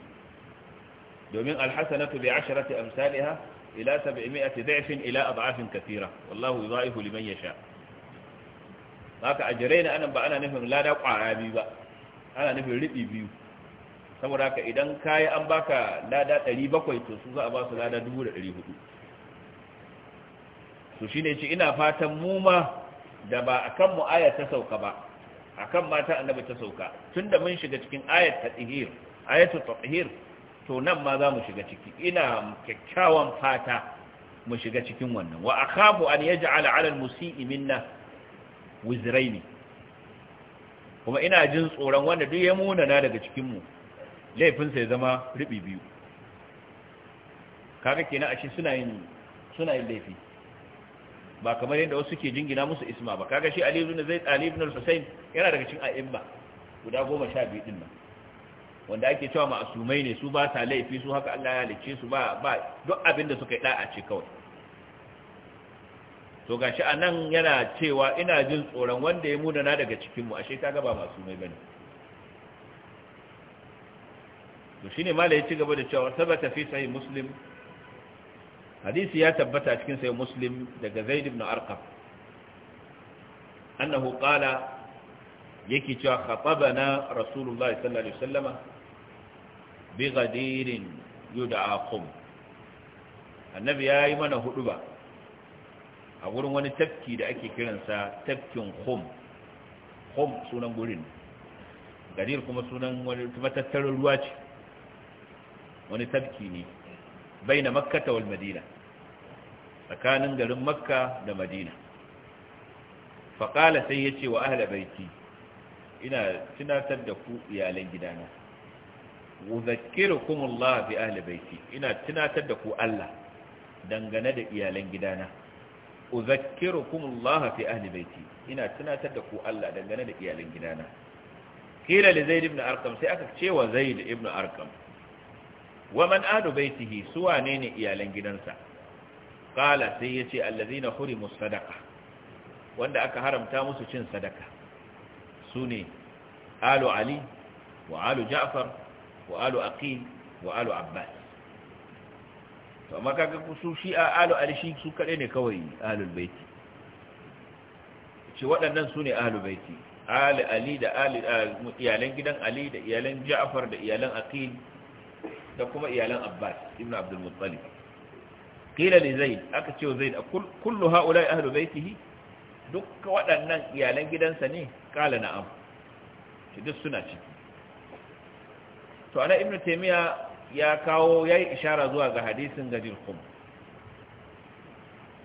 domin alhasanatu bi asharati amsalha ila 700 da'fin ila ad'afin kathira wallahu yudha'ifu liman yasha haka ajraina anan ba ana nufin lada kwara biyu ba ana nufin ribi biyu saboda haka idan kayi an baka lada 700 to su za a ba su lada 1400 to shine ce ina fatan mu ma da ba akan mu ayat ta sauka ba akan mata annabi ta sauka tunda mun shiga cikin ayat tahir ayatu tahir to nan ma za mu shiga ciki ina kyakkyawan fata mu shiga cikin wannan wa akhabu an yaj'ala 'ala al-musii minna wizraini kuma ina jin tsoron wanda duk ya muna na daga cikin mu laifinsa ya zama riɓi biyu kaga kenan a suna suna yin laifi ba kamar yadda wasu ke jingina musu isma ba kaga shi Ali ibn zai Ali ibn al yana daga cikin a'imma guda 12 din nan wanda ake cewa ma'asumai ne su ba sa laifi su haka Allah ya halicce su ba ba duk abin da suka yi da'a ce kawai to gashi anan yana cewa ina jin tsoron wanda ya na daga cikinmu, mu ashe kaga ba masumai bane to shine mala ya ci gaba da cewa sabata fi sahih muslim hadisi ya tabbata cikin sahih muslim daga zaid ibn arqam annahu qala yake cewa khatabana rasulullahi sallallahu alaihi wasallama bi ghadirin yud'a qum annabi yi mana huduba a gurin wani tafki da ake kiransa tafkin khum khum sunan gurin gadir kuma sunan wani matattarar ruwa ce wani tafki ne baina makkata wal madina tsakanin garin makka da madina faƙala sai ya ce wa ahla baiti ina tunatar da ku iyalan gidana uzakirukum Allah bi ahli baiti ina tunatar da ku Allah dangane da iyalan gidana uzakirukum Allah fi ahli baiti ina tunatar da ku Allah dangane da iyalan gidana kila li zaid ibn arqam sai aka ce wa zaid ibn arqam wa man su wane ne iyalan gidansa qala sai yace allazina hurimu sadaqa wanda aka haramta musu cin sadaka sune alu ali wa alu ja'far wa alu aqil wa alu abbas to amma kaga su shi'a alu ali su kade ne kawai ahlul baiti ce waɗannan su ne ahlul ali ali da iyalan gidan ali da iyalan ja'far da iyalan aqil da kuma iyalan abbas ibn abdul muttalib kila li zaid aka ce zaid kullu haula ahlu baitihi Duk waɗannan iyalan gidansa ne kala na'am shi duk suna ciki to ana ibn taymiya ya kawo yayi ishara zuwa ga hadisin gajil khum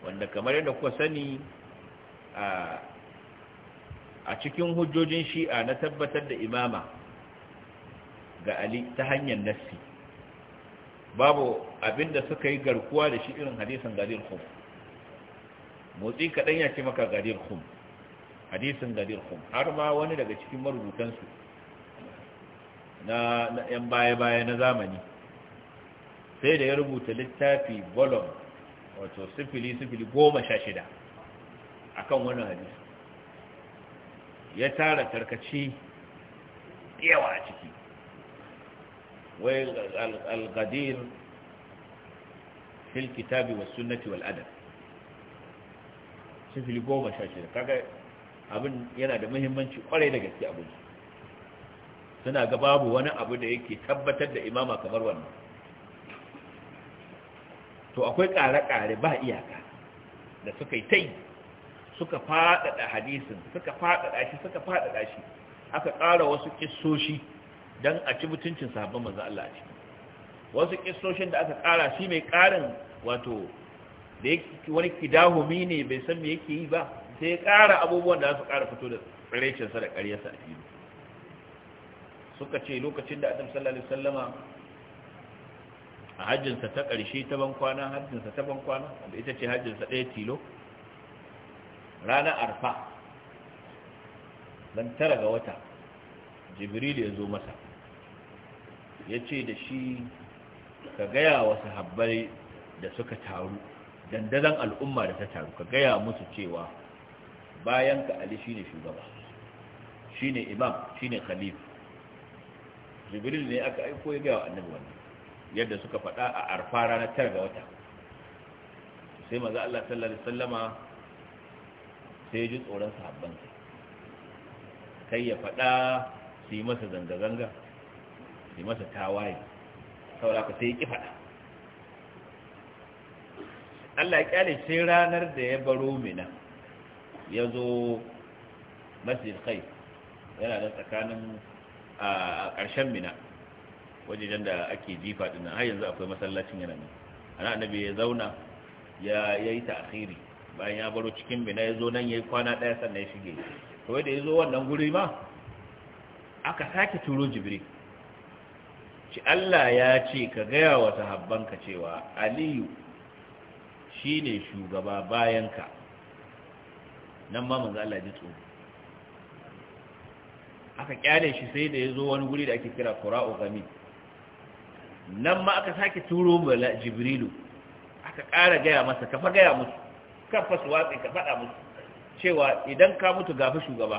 wanda kamar yadda kuka sani a a cikin hujjojin shi'a na tabbatar da imama ga Ali ta hanyar nassi babu abinda suka yi garkuwa da shi irin hadisin gadir khum motsi kaɗan ya ce maka gadir khum hadisin gadir khum har ma wani daga cikin marubutansu na yan baya-baya na zamani sai da ya rubuta littafi bolon wato sifili-sifili goma sha shida a kan wani hadisi ya tara tarkaci yawa a ciki والقدير في الكتاب والسنة والأدب sifili goma sha shida kaga abin yana da muhimmanci kwarai da gaske abin suna ga babu wani abu da yake tabbatar da imama kamar wannan to akwai ƙare-ƙare ba iyaka da suka yi ta yi suka faɗaɗa hadisin suka faɗaɗa shi suka faɗaɗa shi aka ƙara wasu ƙisoshi dan a ci mutuncin sabon manzo Allah ce wasu kissoshin da aka kara shi mai karin wato da wani kidahumi ne bai san me yake yi ba sai ya kara abubuwan da za su kara fito da tsirecin sa da ƙaryarsa a fili suka ce lokacin da Adam sallallahu alaihi wasallama a sa ta ƙarshe ta bankwana sa ta bankwana wanda ita ce sa ɗaya tilo ranar arfa dan tara ga wata jibril ya zo masa ya ce da shi ka gaya wa sahabbai da suka taru dandazan al'umma da ta taru ka gaya musu cewa bayan ka ali shine shugaba shine imam shine khalif jibril ne aka aiko ya gaya wa annabi wannan yadda suka faɗa a arfa ranar tara ga wata sai maza Allah sallallahu alaihi wasallama sai ji tsoron sahabban kai ya faɗa su yi masa zanga-zanga yi masa tawaye saboda ka sai ya ƙi faɗa Allah ya kyale sai ranar da ya baro mina ya zo masjid kai yana da tsakanin a ƙarshen mina wajen da ake jifa dinnan har yanzu akwai masallacin yana nan ana annabi ya zauna ya yi ta'khiri bayan ya baro cikin mina ya zo nan ya yi kwana ɗaya sannan ya shige to da ya zo wannan guri ma aka sake turo jibril ce Allah ya ce ka gaya wa sahabbanka cewa aliyu shi ne shugaba bayanka nan ma manzo Allah ji tsoro aka kyale shi sai da ya zo wani guri da ake kira qura'u gami nan ma aka sake turo mala jibrilu aka ƙara gaya masa ka fa gaya musu ka fa su watsi ka faɗa musu cewa idan ka mutu gafi shugaba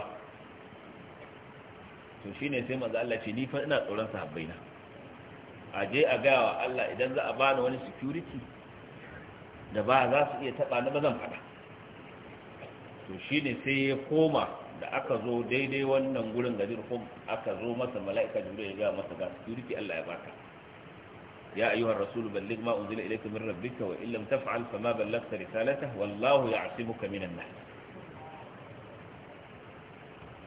to shine sai manzo Allah ce ni fa ina tsoron sahabbaina a je a gaya wa Allah idan za a bani wani security da ba za su iya taɓa na ba faɗa to shi ne sai ya koma da aka zo daidai wannan gurin gajir kum aka zo masa mala'ika jibril ya gaya masa ga security Allah ya baka ya ayyuhar rasul balligh ma unzila ilayka min rabbika wa illam taf'al fama ballaghta risalatahu wallahu ya'simuka minan nas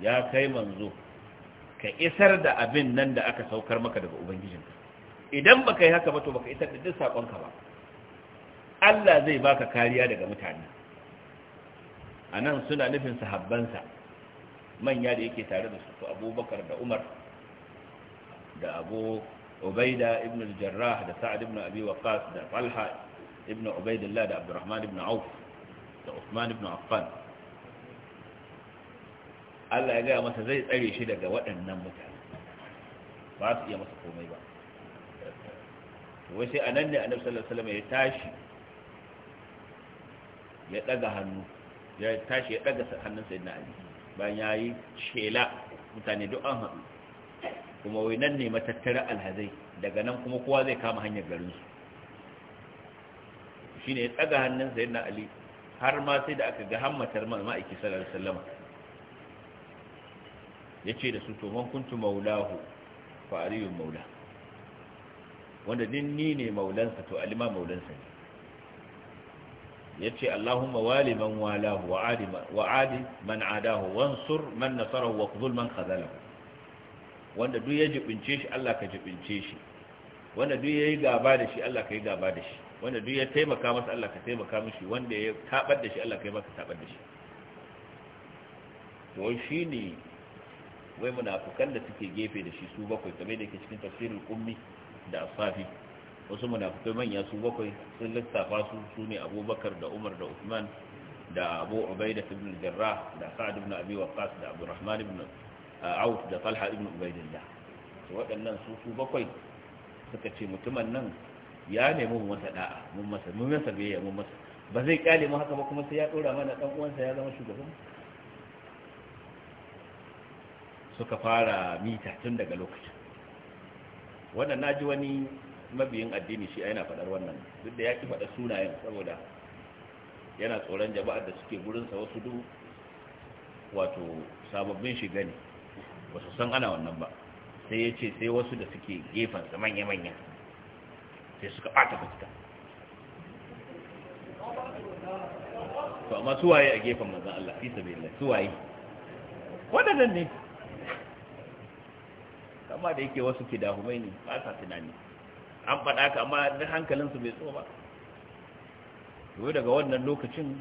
ya kai manzo ka isar da abin nan da aka saukar maka daga ubangijinka idan baka yi haka ba to baka isar da duk saƙonka ba Allah zai baka kariya daga mutane a nan suna nufin sahabbansa manya da yake tare da su abubakar da umar da abu ubaida ibn jarrah da sa'ad ibn abi waqas da ibn ubaidillah da abdurrahman ibn auf da usman ibn affan Allah ya gaya masa zai tsare shi daga waɗannan mutane ba su iya masa komai ba wai sai anan ne annabi sallallahu alaihi wasallam ya tashi ya daga hannu ya tashi ya daga hannun sayyidina ali bayan yayi shela mutane duk an haɗu kuma wai nan ne matattara alhazai daga nan kuma kowa zai kama hanyar garin su shine ya daga hannun sayyidina ali har ma sai da aka ga hammatar ma'aiki sallallahu alaihi wasallam yace da su to man kuntu maulahu fa aliyun maulahu wanda din ni ne maulansa to alima maulansa ne yace Allahumma wali man walahu wa adi wa adi man adahu wansur man nasarar wa khudhul man khazalahu wanda duk ya jibince shi Allah ka jibince shi wanda duk yayi gaba da shi Allah ka yi gaba da shi wanda duk ya taimaka masa Allah ka taimaka mishi wanda ya tabar da shi Allah ka yi maka tabar da shi to shi ne wai munafukan da suke gefe da shi su bakwai kamar da yake cikin tafsirin ummi da afafi wasu munafikai manya su bakwai sun lissafa su su ne abubakar da umar da usman da abu ubaida ibn jarrah da sa'ad ibn abi waqqas da rahman ibn uh, auf da talha ibn ubaidillah to waɗannan su su bakwai suka ce mutumin nan ya nemi mu masa da'a mun masa mun masa biyayya mun masa ba zai kyale mu haka ba kuma sai ya dora mana dan uwansa ya zama shugaban suka fara mita tun daga lokacin wannan na ji wani mabiyin addini shi yana faɗar wannan duk da ya ƙi faɗa sunayen saboda yana tsoron jama'ar da suke gurinsa wasu du wato sababbin shiga ne ba su san ana wannan ba sai ya ce sai wasu da suke gefensa manya-manya sai suka ɓata fuska to amma suwaye a gefen manzan Allah fi sabi Allah suwaye waɗannan ne kama da yake wasu dahumai ne ba sa tunani an faɗa ka amma da hankalinsu bai tso ba to daga wannan lokacin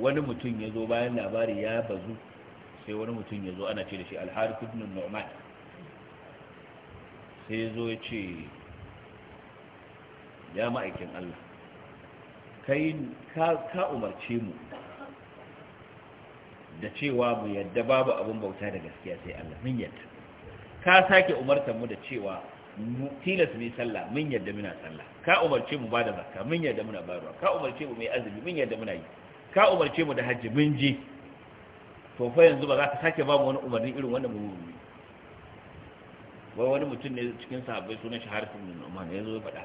wani mutum ya zo bayan labari ya bazu sai wani mutum ya zo ana ce da shi alhari ibn normal sai ya zo ya ce ya ma'aikin Allah kai ka umarce mu da cewa mu yadda babu abin bauta da gaskiya sai Allah mun yadda ka sake umartar mu da cewa tilas mai sallah mun yadda muna sallah ka umarce mu bada zakka mun yadda muna bayarwa ka umarce mu mai azumi mun yadda muna yi ka umarce mu da hajji mun je to fa yanzu ba za ka sake ba mu wani umarni irin wanda mu yi wai wani mutum ne cikin sahabbai sunan shi harfin min umman yanzu ya faɗa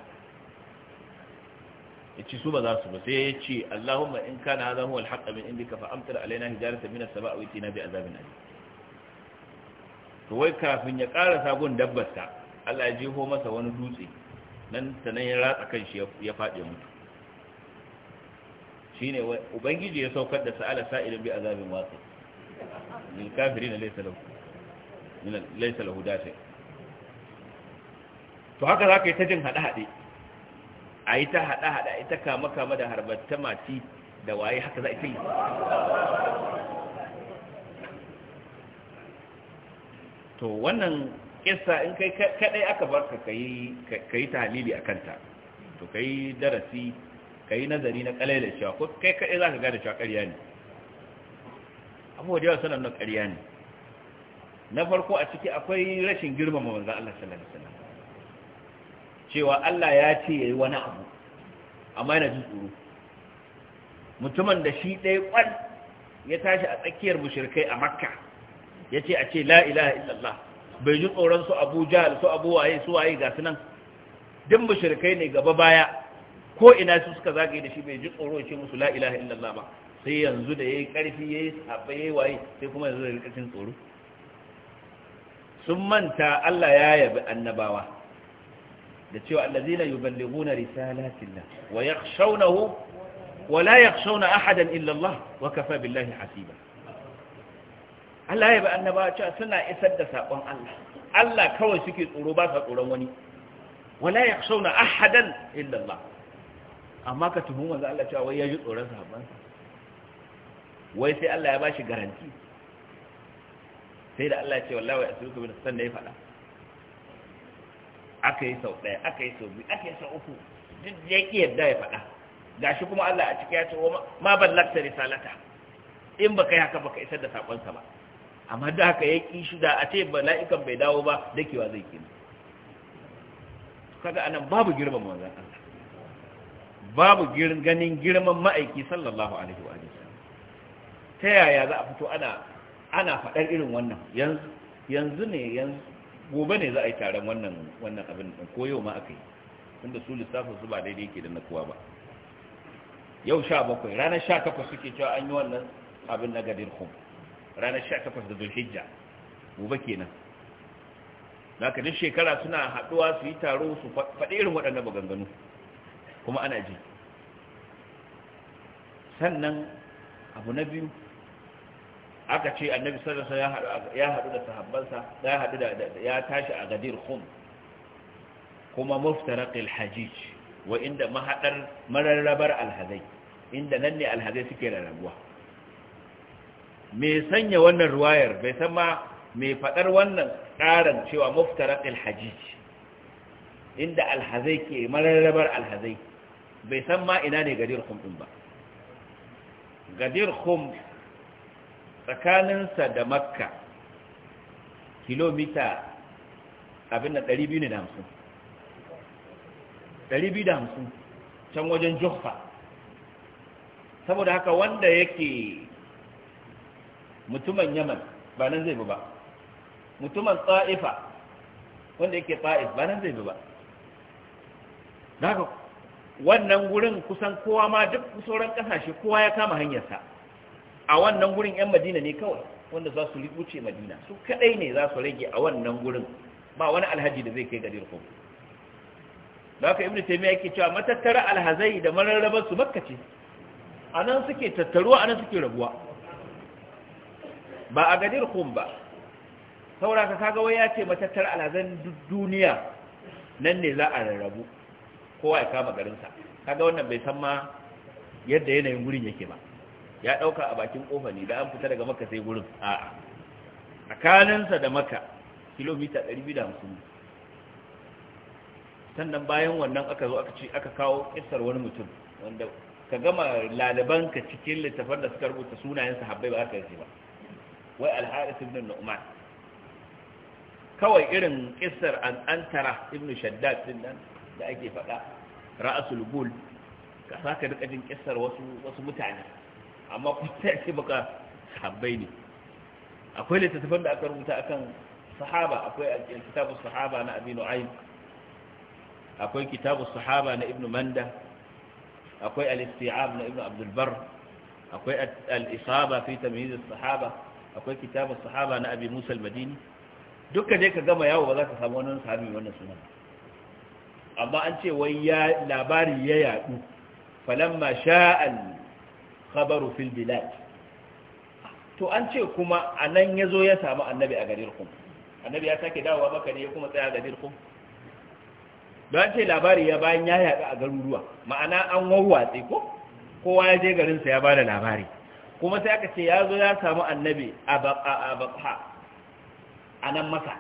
ya su ba za su ba sai ya ce Allahumma in kana hadha huwa al-haqq min indika fa amtir alaina hijaratan min as-sama'i wa itina bi azabin alim to wai kafin ya ƙara sabon dabbarsa Allah ya jeho masa wani dutse nan sanan ya ratsa kan shi ya faɗi mutu shine ubangiji ya saukar da sa'ala sa'ilin bi azabin wasi min kafirin laysa lahu laysa lahu dafi to haka ka yi ta jin hada hade ayi ta hada hada ita kama kama da harbatta mati da waye haka za a yi to wannan kissa in kai kadai aka barka kai kai talibi akan ta to kai darasi kai nazari na da cewa ko kai kadai zaka ga da cewa ƙarya ne abubuwa da yawa sanan na ƙarya ne na farko a ciki akwai rashin girmama manzon Allah sallallahu alaihi wasallam cewa Allah ya ce yayi wani abu amma yana jin tsoro mutumin da shi ɗaya ƙwal ya tashi a tsakiyar mushirkai a makka ya ce a ce la ilaha illallah bai ji tsoron su abu jahal su abu waye su waye ga su nan duk mushrikai ne gaba baya ko ina su suka zagaye da shi bai ji tsoro ce musu la ilaha illallah ba sai yanzu da ya yi ƙarfi ya yi yayi ya yi waye sai kuma yanzu da ya ƙarfin tsoro sun manta Allah ya yabi annabawa da cewa allazina yuballighuna risalatillah wa yakhshawnahu wa la yakhshawna ahadan illa Allah wa kafa billahi hasiba Allah ya ba annabawa cewa suna isar da sakon Allah Allah kawai suke tsoro ba sa tsoron wani wala shauna ahadan illa Allah amma ka tuhu manzo Allah cewa wai ya ji tsoron sahabban wai sai Allah ya bashi garanti sai da Allah ya ce wallahi asiruka bin sanna ya fada aka yi sau ɗaya aka yi sau biyu aka yi sau uku duk ya ƙi yadda ya faɗa gashi kuma Allah a ciki ya ce ma ballakta risalata in baka yi haka baka isar da sa ba amma da haka ya ki shi da a ce mala'ikan bai dawo ba dakewa zai ki kaga anan babu girman manzon babu ganin girman ma'aiki sallallahu alaihi wa ta yaya za a fito ana ana faɗar irin wannan yanzu yanzu ne yanzu gobe ne za a yi taron wannan wannan abin ko yau ma aka yi tunda su lissafin su ba daidai yake da na kuwa ba yau sha bakwai ranar sha takwas suke cewa an yi wannan abin na gadir kuma ranar 18 da zulhijja gobe kenan naka duk shekara suna haɗuwa su yi taro su faɗi irin waɗannan maganganu kuma ana ji sannan abu na biyu aka ce annabi sallallahu alaihi ya haɗu da sahabbansa ya ya tashi a gadir khum kuma muftaraqil hajij wa inda mararrabar alhazai inda nan ne alhazai suke rarrabuwa mai sanya wannan ruwayar bai san ma mai faɗar wannan ƙaran cewa muftarat alhajij inda alhazai ke mararrabar alhazai bai san ma ina ne gadir khum din ba gadir khum tsakaninsa da makka kilomita abin da 250 250 can wajen juhfa saboda haka wanda yake mutumin yaman ba nan zai bi ba mutumin tsa'ifa wanda yake tsa'if ba nan zai bi ba daga wannan gurin kusan kowa ma duk sauran kasashe kowa ya kama hanyarsa a wannan gurin 'yan madina ne kawai wanda za su wuce madina su kadai ne za su rage a wannan gurin ba wani alhaji da zai kai gadir kuma da aka ibn taymiya yake cewa matattara alhazai da mararrabar su makka ce A nan suke tattaruwa a nan suke rabuwa ba a gajir khum ba saboda ka kaga wai ya ce matattar alhazan duniya nan ne za a rarrabu kowa ya kama garinsa kaga wannan bai san ma yadda yanayin gurin yake ba ya ɗauka a bakin ƙofa ne da an fita daga maka sai gurin a'a tsakaninsa da maka kilomita 250 sannan bayan wannan aka zo aka ce aka kawo ƙisar wani mutum wanda ka gama ka cikin littafan da suka rubuta sunayen sahabbai ba aka yi ba wai alharis ibn nu'man kawai irin kissar an antara ibn shaddad din nan da ake faɗa ra'asul gul ka saka duka jin kissar wasu wasu mutane amma kuma sai ce baka sahabbai ne akwai littattafan da aka rubuta akan sahaba akwai kitabu sahaba na abi nu'aym akwai kitabu sahaba na ibn manda akwai al-isti'ab na ibn abdul bar akwai al-isaba fi tamyiz as-sahaba akwai kitabu sahaba na abi musa al-madini duka dai ka gama yawo ba za ka samu wani sahabi wannan sunan amma an ce wai ya labari ya yadu falamma sha'al khabaru fil bilad to an ce kuma anan yazo ya samu annabi a garin kum annabi ya sake dawowa maka ne kuma tsaya a garin kum ba ce labari ya bayan ya yadu a garuruwa ma'ana an wawwatse ko kowa ya je garinsa ya bada labari kuma sai aka ce ya zo ya samu annabi a baƙa a nan maka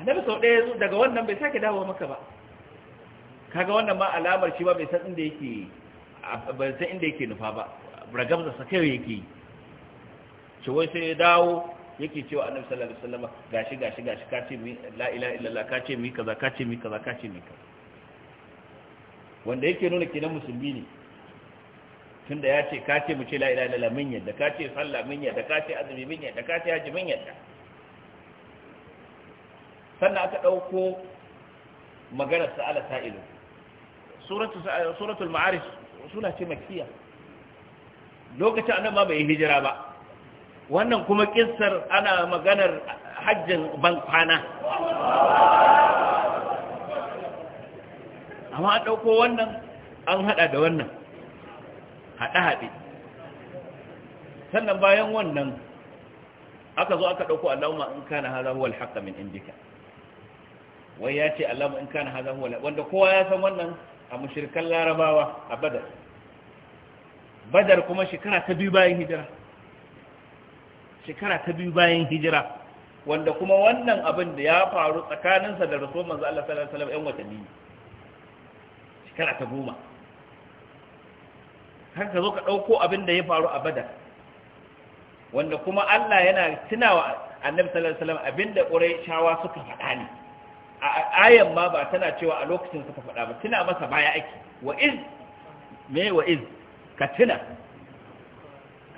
annabi sau ɗaya daga wannan bai sake dawo maka ba kaga wannan ma alamar shi ba bai san inda yake bai san inda yake nufa ba ragam da sakewa yake ce wai sai ya dawo yake cewa annabi sallallahu alaihi wasallam gashi gashi gashi ka ce mi la ilaha illallah ka ce mi kaza ka ce mi kaza ka ce mi kaza wanda yake nuna kenan musulmi ne tunda ya ce ka ce mu ce la ilaha illallah min yadda ka ce sallah min yadda ka ce azumi min yadda ka ce haji min yadda sannan aka dauko maganar sa'ala sa'ilu suratu suratul maaris sura ce makkiya lokacin annabi bai hijira ba wannan kuma kissar ana maganar hajjin ban kwana amma an dauko wannan an hada da wannan haɗe-haɗe sannan bayan wannan aka zo aka ɗauko allahumma in kana haza huwa alhaqqa min indika wai ya ce allahumma in kana haza huwa wanda kowa ya san wannan a mushrikan larabawa a badar badar kuma shekara ta biyu bayan hijira shekara ta biyu bayan hijira wanda kuma wannan abin da ya faru tsakaninsa da rasuwar manzo Allah sallallahu alaihi wasallam ɗan watanni shekara ta goma kan ka zo ka ɗauko abin da ya faru a badar wanda kuma Allah yana tunawa annabi sallallahu alaihi wasallam abinda quraishawa suka faɗa ne a ayan ma ba tana cewa a lokacin suka faɗa ba tuna masa baya ake wa iz me wa iz ka tuna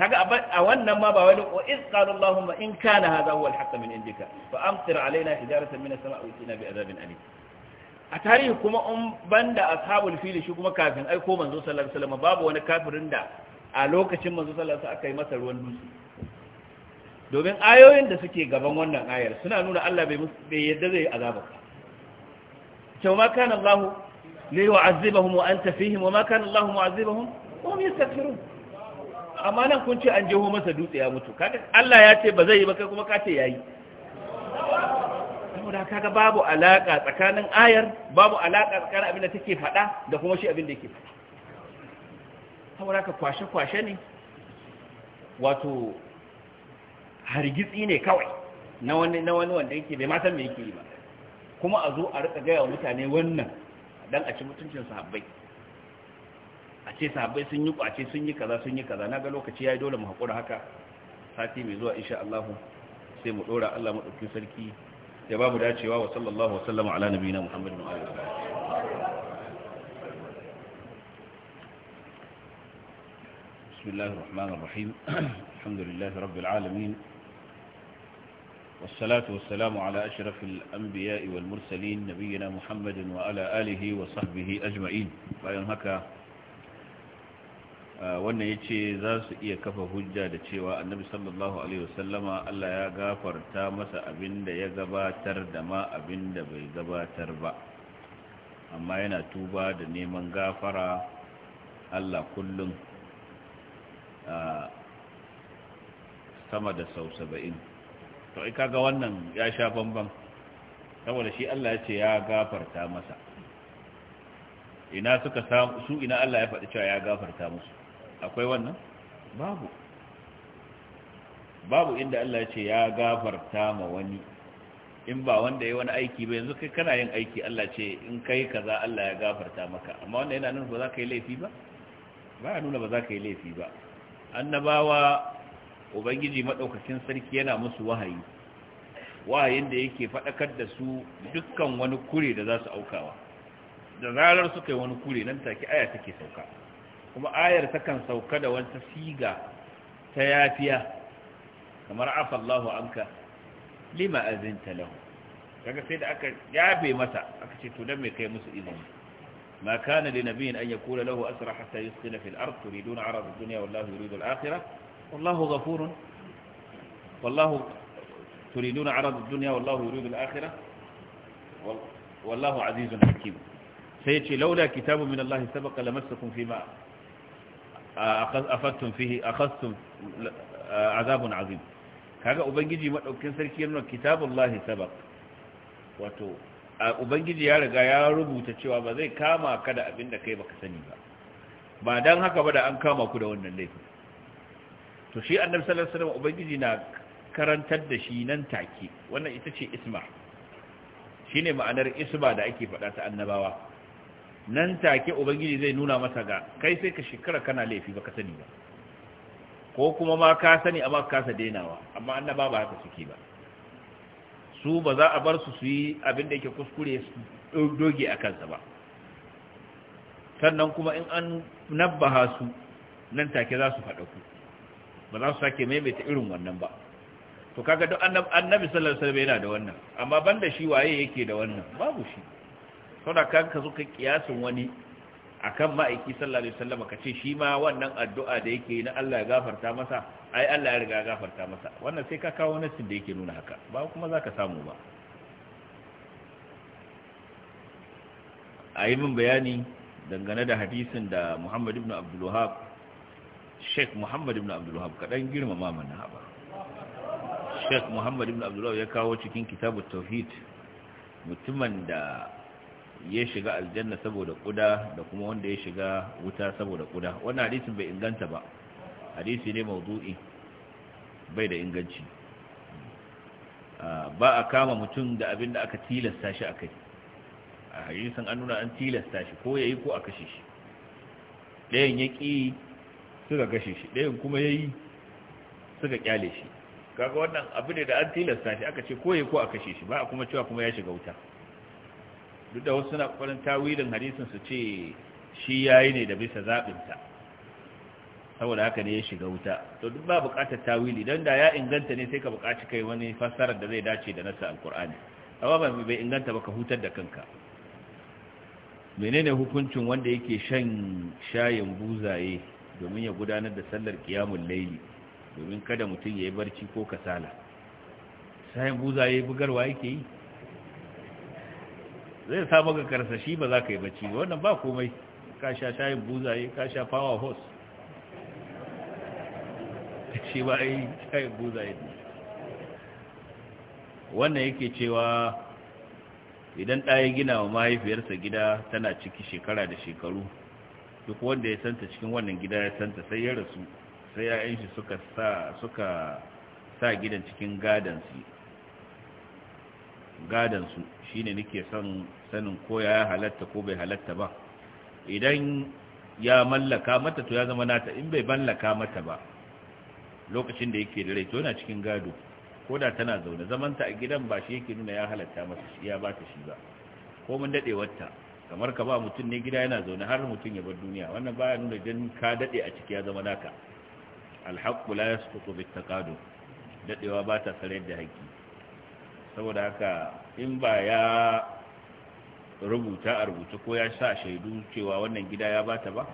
kaga a wannan ma ba wani wa iz qala allahumma in kana hadha huwa al-haqq min indika fa amtir alaina hijaratan min as-sama'i wa atina bi adhabin alim a tarihi kuma in banda ashabul fili shi kuma kafin aiko manzo sallallahu alaihi wasallam babu wani kafirin da a lokacin manzo sallallahu alaihi wasallam aka yi masa ruwan dutse domin ayoyin da suke gaban wannan ayar suna nuna Allah bai bai yadda zai azaba ka cewa ma kana Allah li yu'azzibahum wa anta fihim wa ma kana Allah mu'azzibahum wa hum yastaghfirun amma nan kun ce an jeho masa dutse ya mutu kaga Allah ya ce ba zai yi ba kai kuma ka ce yayi saboda kaga babu alaka tsakanin ayar babu alaka tsakanin abin da take faɗa da kuma shi abin da yake saboda ka kwashe-kwashe ne wato hargitsi ne kawai na wani na wani wanda yake bai matan me yake yi ba kuma a zo a rika gaya wa mutane wannan dan a ci mutuncin sahabbai a ce sahabbai sun yi kwace sun yi kaza sun yi kaza na ga lokaci yayi dole mu hakura haka sati mai zuwa insha Allah sai mu dora Allah mu dauki sarki ya ba واو صلى الله وسلم على نبينا محمد وعلى آله wa بسم الله الرحمن الرحيم الحمد لله رب العالمين والصلاة والسلام على أشرف الأنبياء والمرسلين نبينا محمد وعلى آله وصحبه أجمعين فإن Ah, wannan yace za su iya kafa hujja da cewa annabi sallallahu alaihi wasallama Allah ya gafarta masa abinda ya gabatar da ma abinda bai gabatar ba amma yana tuba da neman gafara Allah kullum ah, sama da sau saba'in to ai kaga wannan ya sha bambam? saboda shi Allah ya ce ya gafarta masa ina suka samu su ina Allah ya faɗi cewa ya gafarta musu akwai wannan babu babu inda Allah ya ce ya gafarta ma wani in ba wanda ya wani aiki ba yanzu kai kana yin aiki Allah ce in kai kaza Allah ya gafarta maka amma wanda yana nuna ba za ka yi laifi ba ba ya nuna ba za ka yi laifi ba annabawa ubangiji madaukakin sarki yana musu wahayi wahayin da yake faɗakar da su dukkan wani kure da za su aukawa da zarar suka yi wani kure nan take aya take sauka kuma ayar takan sauka da wata siga ta yafiya kamar afallahu anka lima azinta lahu kaga sai da aka yabe masa aka ce to dan me kai musu izini ما كان لنبي أن يقول له أسرى حتى يسقن في الأرض تريدون عرض الدنيا والله يريد الآخرة والله غفور والله تريدون عرض الدنيا والله يريد الآخرة والله عزيز حكيم سيأتي لولا كتاب من الله سبق لمسكم فيما akhadtum fihi akhadtum azabun azim kaga ubangiji madaukin sarki yana kitabullahi sabaq wato ubangiji ya riga ya rubuta cewa ba zai kama ka da abinda kai baka sani ba ba dan haka ba da an kama ku da wannan laifin to shi annabi sallallahu alaihi wasallam ubangiji na karantar da shi nan take wannan ita ce isma shine ma'anar isma da ake faɗa ta annabawa nan take ubangiji zai nuna masa ga kai sai ka shekara kana laifi baka sani ba ko kuma ma ka sani amma ka kasa denawa amma annaba ba haka suke ba su ba za a bar su su yi abin da yake kuskure su doge a kansa ba sannan kuma in an nabbaha su nan take za su faɗa ku ba za su sake maimaita irin wannan ba to kaga duk annabi sallallahu alaihi wasallam yana da wannan amma banda shi waye yake da wannan babu shi saboda kan ka zo ka kiyasin wani akan ma'aiki sallallahu alaihi wasallam ka ce shi ma wannan addu'a da yake na Allah ya gafarta masa ai Allah ya riga gafarta masa wannan sai ka kawo nassin da yake nuna haka ba kuma zaka samu ba a yi min bayani dangane da hadisin da Muhammad ibn Abdul Wahhab Sheikh Muhammad ibn Abdul Wahhab kadan girmama mana haba Sheikh Muhammad ibn Abdul Wahhab ya kawo cikin kitabut tauhid mutumin da ya shiga aljanna saboda kuda da kuma wanda ya shiga wuta saboda kuda wannan hadisin bai inganta ba hadisi ne mawdu'i bai da inganci ba a kama mutum da abin da aka tilasta shi akai a hadisin an nuna an tilasta shi ko yayi ko a kashe shi ɗayan ya ƙi suka kashe shi ɗayan kuma yayi suka kyale shi kaga wannan abu ne da an tilasta shi aka ce ko yayi ko a kashe shi ba a kuma cewa kuma ya shiga wuta duk da wasu suna kokarin tawilin hadisin su ce shi yayi ne da bisa zaɓinta saboda haka ne ya shiga wuta to duk ba buƙatar tawili dan da ya inganta ne sai ka buƙaci kai wani fassarar da zai dace da nasa alqur'ani amma ba bai inganta ba ka hutar da kanka menene hukuncin wanda yake shan shayin buzaye domin ya gudanar da sallar qiyamul layli domin kada mutum ya yi barci ko kasala shayin buzaye bugarwa yake yi zai sa maka karsashi ba za ka yi bacci ba, wannan ba komai ka sha shayin buzaye ka sha power horse [LAUGHS] shi ba yi shayin buzaye wannan yake cewa idan ɗaya gina wa mahaifiyarsa gida tana ciki shekara da shekaru duk wanda ya santa cikin wannan gida ya santa sai ya rasu sai ya shi suka sa suka sa gidan cikin gadansu shine nake son sanin ko ya halatta ko bai halatta ba idan ya mallaka mata to ya zama nata in bai mallaka mata ba lokacin da yake da rai to yana cikin gado ko da tana zaune zamanta a gidan ba shi yake nuna ya halatta mata shi ya ba ta shi ba ko mun dadewarta kamar ka ba mutum ne gida yana zaune har mutum ya bar duniya wannan baya nuna dan ka dade a ciki ya zama naka alhaqqu la yasqutu bitaqadum dadewa ba ta sare da haƙi saboda haka in ba ya rubuta a rubuta ko ya sa shaidu cewa wannan gida ya bata ba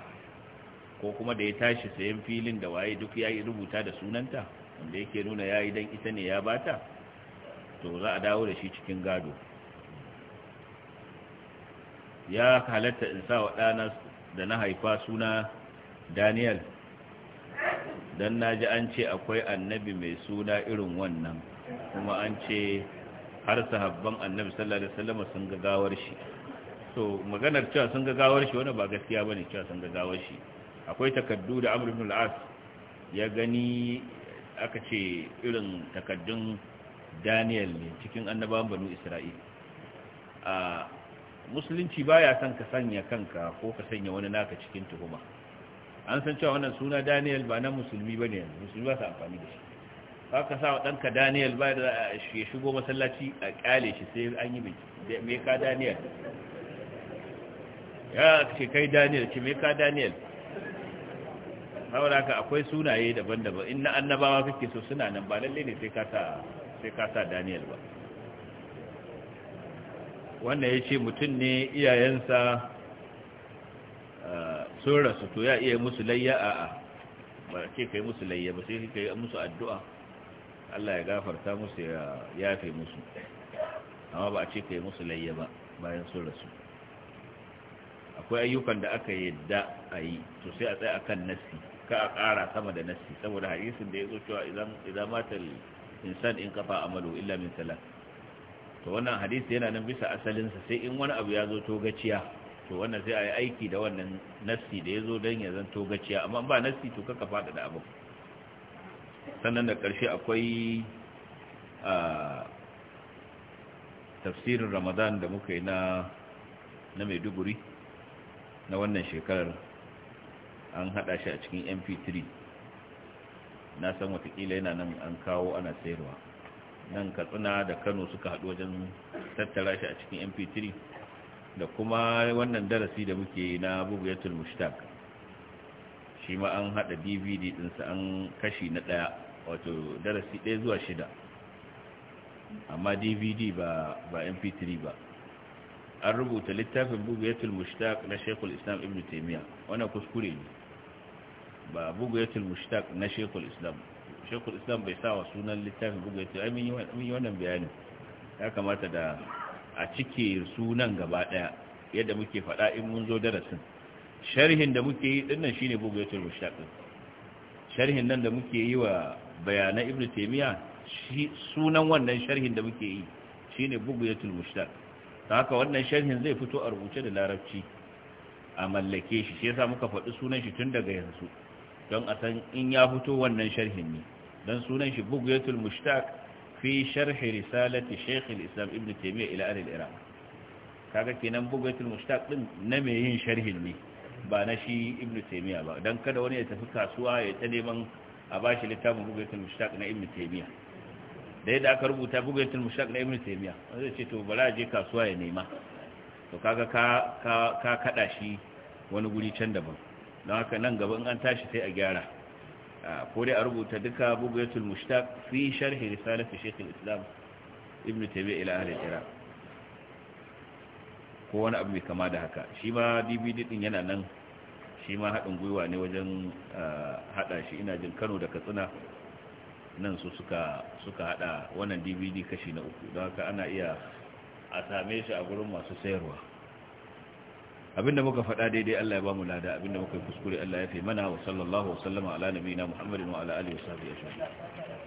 ko kuma da ya tashi sayan filin da waye duk ya yi rubuta da sunanta wanda yake nuna ya yi don ita ne ya bata to za a dawo da shi cikin gado ya halatta in sa wa ɗana da na haifa suna daniel don na ji an ce akwai annabi mai suna irin wannan kuma an ce har sahabban annabi sallallahu alaihi wasallam sun ga gawar shi to maganar cewa sun ga gawar shi wani ba gaskiya bane cewa sun ga gawar shi akwai takaddu da Amr ibn al-As ya gani aka ce irin takaddun Daniel ne cikin annabawan banu Isra'il a musulunci baya son ka sanya kanka ko ka sanya wani naka cikin tuhuma an san cewa wannan suna Daniel ba na musulmi bane musulmi ba su amfani da shi haka sa ɗanka daniel ba da ya shigo masallaci a kyale shi sai an yi mai me ka daniel ya ce kai daniel ce me ka daniel saboda akwai sunaye daban-daban in na annabawa kake so suna nan ba lalle ne sai ka sa daniel ba wannan ya ce mutum ne iyayensa eh, sun rasu to ya iya musu layya a a ba ce ka musu layya ba sai kai musu addu'a Allah ya gafarta musu ya yafe musu amma ba a ce kai musu layya ba bayan sun rasu akwai ayyukan da aka yadda a yi to sai a tsaya akan nassi ka a ƙara sama da nassi saboda hadisin da ya zo cewa idan matal insan in kafa amalu illa min salat to wannan hadisi yana nan bisa asalinsa sai in wani abu ya zo to gaciya to wannan sai a yi aiki da wannan nassi da ya zo don ya zan to gaciya amma ba nassi to ka faɗa da abu sannan da ƙarshe akwai a tafsirin ramadan da muka yi na na maiduguri na wannan shekarar an hada shi a cikin mp3 na san watakila yana nan an kawo ana sayarwa nan katsina da kano suka haɗu wajen tattara shi a cikin mp3 da kuma wannan darasi da muke na bugayatul mushtaq shi ma an hada dvd dinsa an kashi na daya wato darasi daya zuwa shida amma dvd ba ba mp3 ba an rubuta littafin bugayatul mushtaq na shekul islam ibn taimiya wannan kuskure ne ba bugayatul mushtaq na shekul islam shekul islam bai sa wa sunan littafin bugayatul ai mun yi wannan bayanin ya kamata da a cike sunan gaba daya yadda muke faɗa in mun zo darasin sharhin da muke yi dinnan shine bugayatul mushtaq sharhin nan da muke yi wa bayanan ibnu taymiya sunan wannan sharhin da muke yi shine bugayatul mushtaq haka wannan sharhin zai fito a rubuce da larabci a mallake shi shi yasa muka faɗi sunan shi tun daga yanzu don a san in ya fito wannan sharhin ne don sunan shi bugayatul mushtaq fi sharhi risalati shaykh al-islam ibnu taymiya ila ahli al-iraq kaga kenan bugayatul mushtaq din na me yin sharhin ne ba na shi ibn taymiya ba dan kada wani ya tafi kasuwa ya ta neman a bashi littafin bugatul mushtaq na ibn taymiya da yadda aka rubuta bugatul mushtaq na ibn taymiya zai ce to bala je kasuwa ya nema to kaga ka ka shi wani guri can daban don haka nan gaba in an tashi sai a gyara ko dai a rubuta duka bugatul mushtaq fi sharhi risalati shaykh al-islam ibn taymiya ila ahli iraq ko wani abu mai kama da haka shi ma dvd din yana nan shi ma haɗin gwiwa ne wajen eh, haɗa shi ina jin kano da katsina nan su suka suka haɗa wannan dvd kashi na uku don haka ana iya a same shi a gurin masu sayarwa abinda muka faɗa daidai Allah ya ba mu lada abinda muka yi kuskure Allah ya fi mana wa sallallahu wa sallama ala na Muhammadin wa ala alihi wa sahbihi ajma'in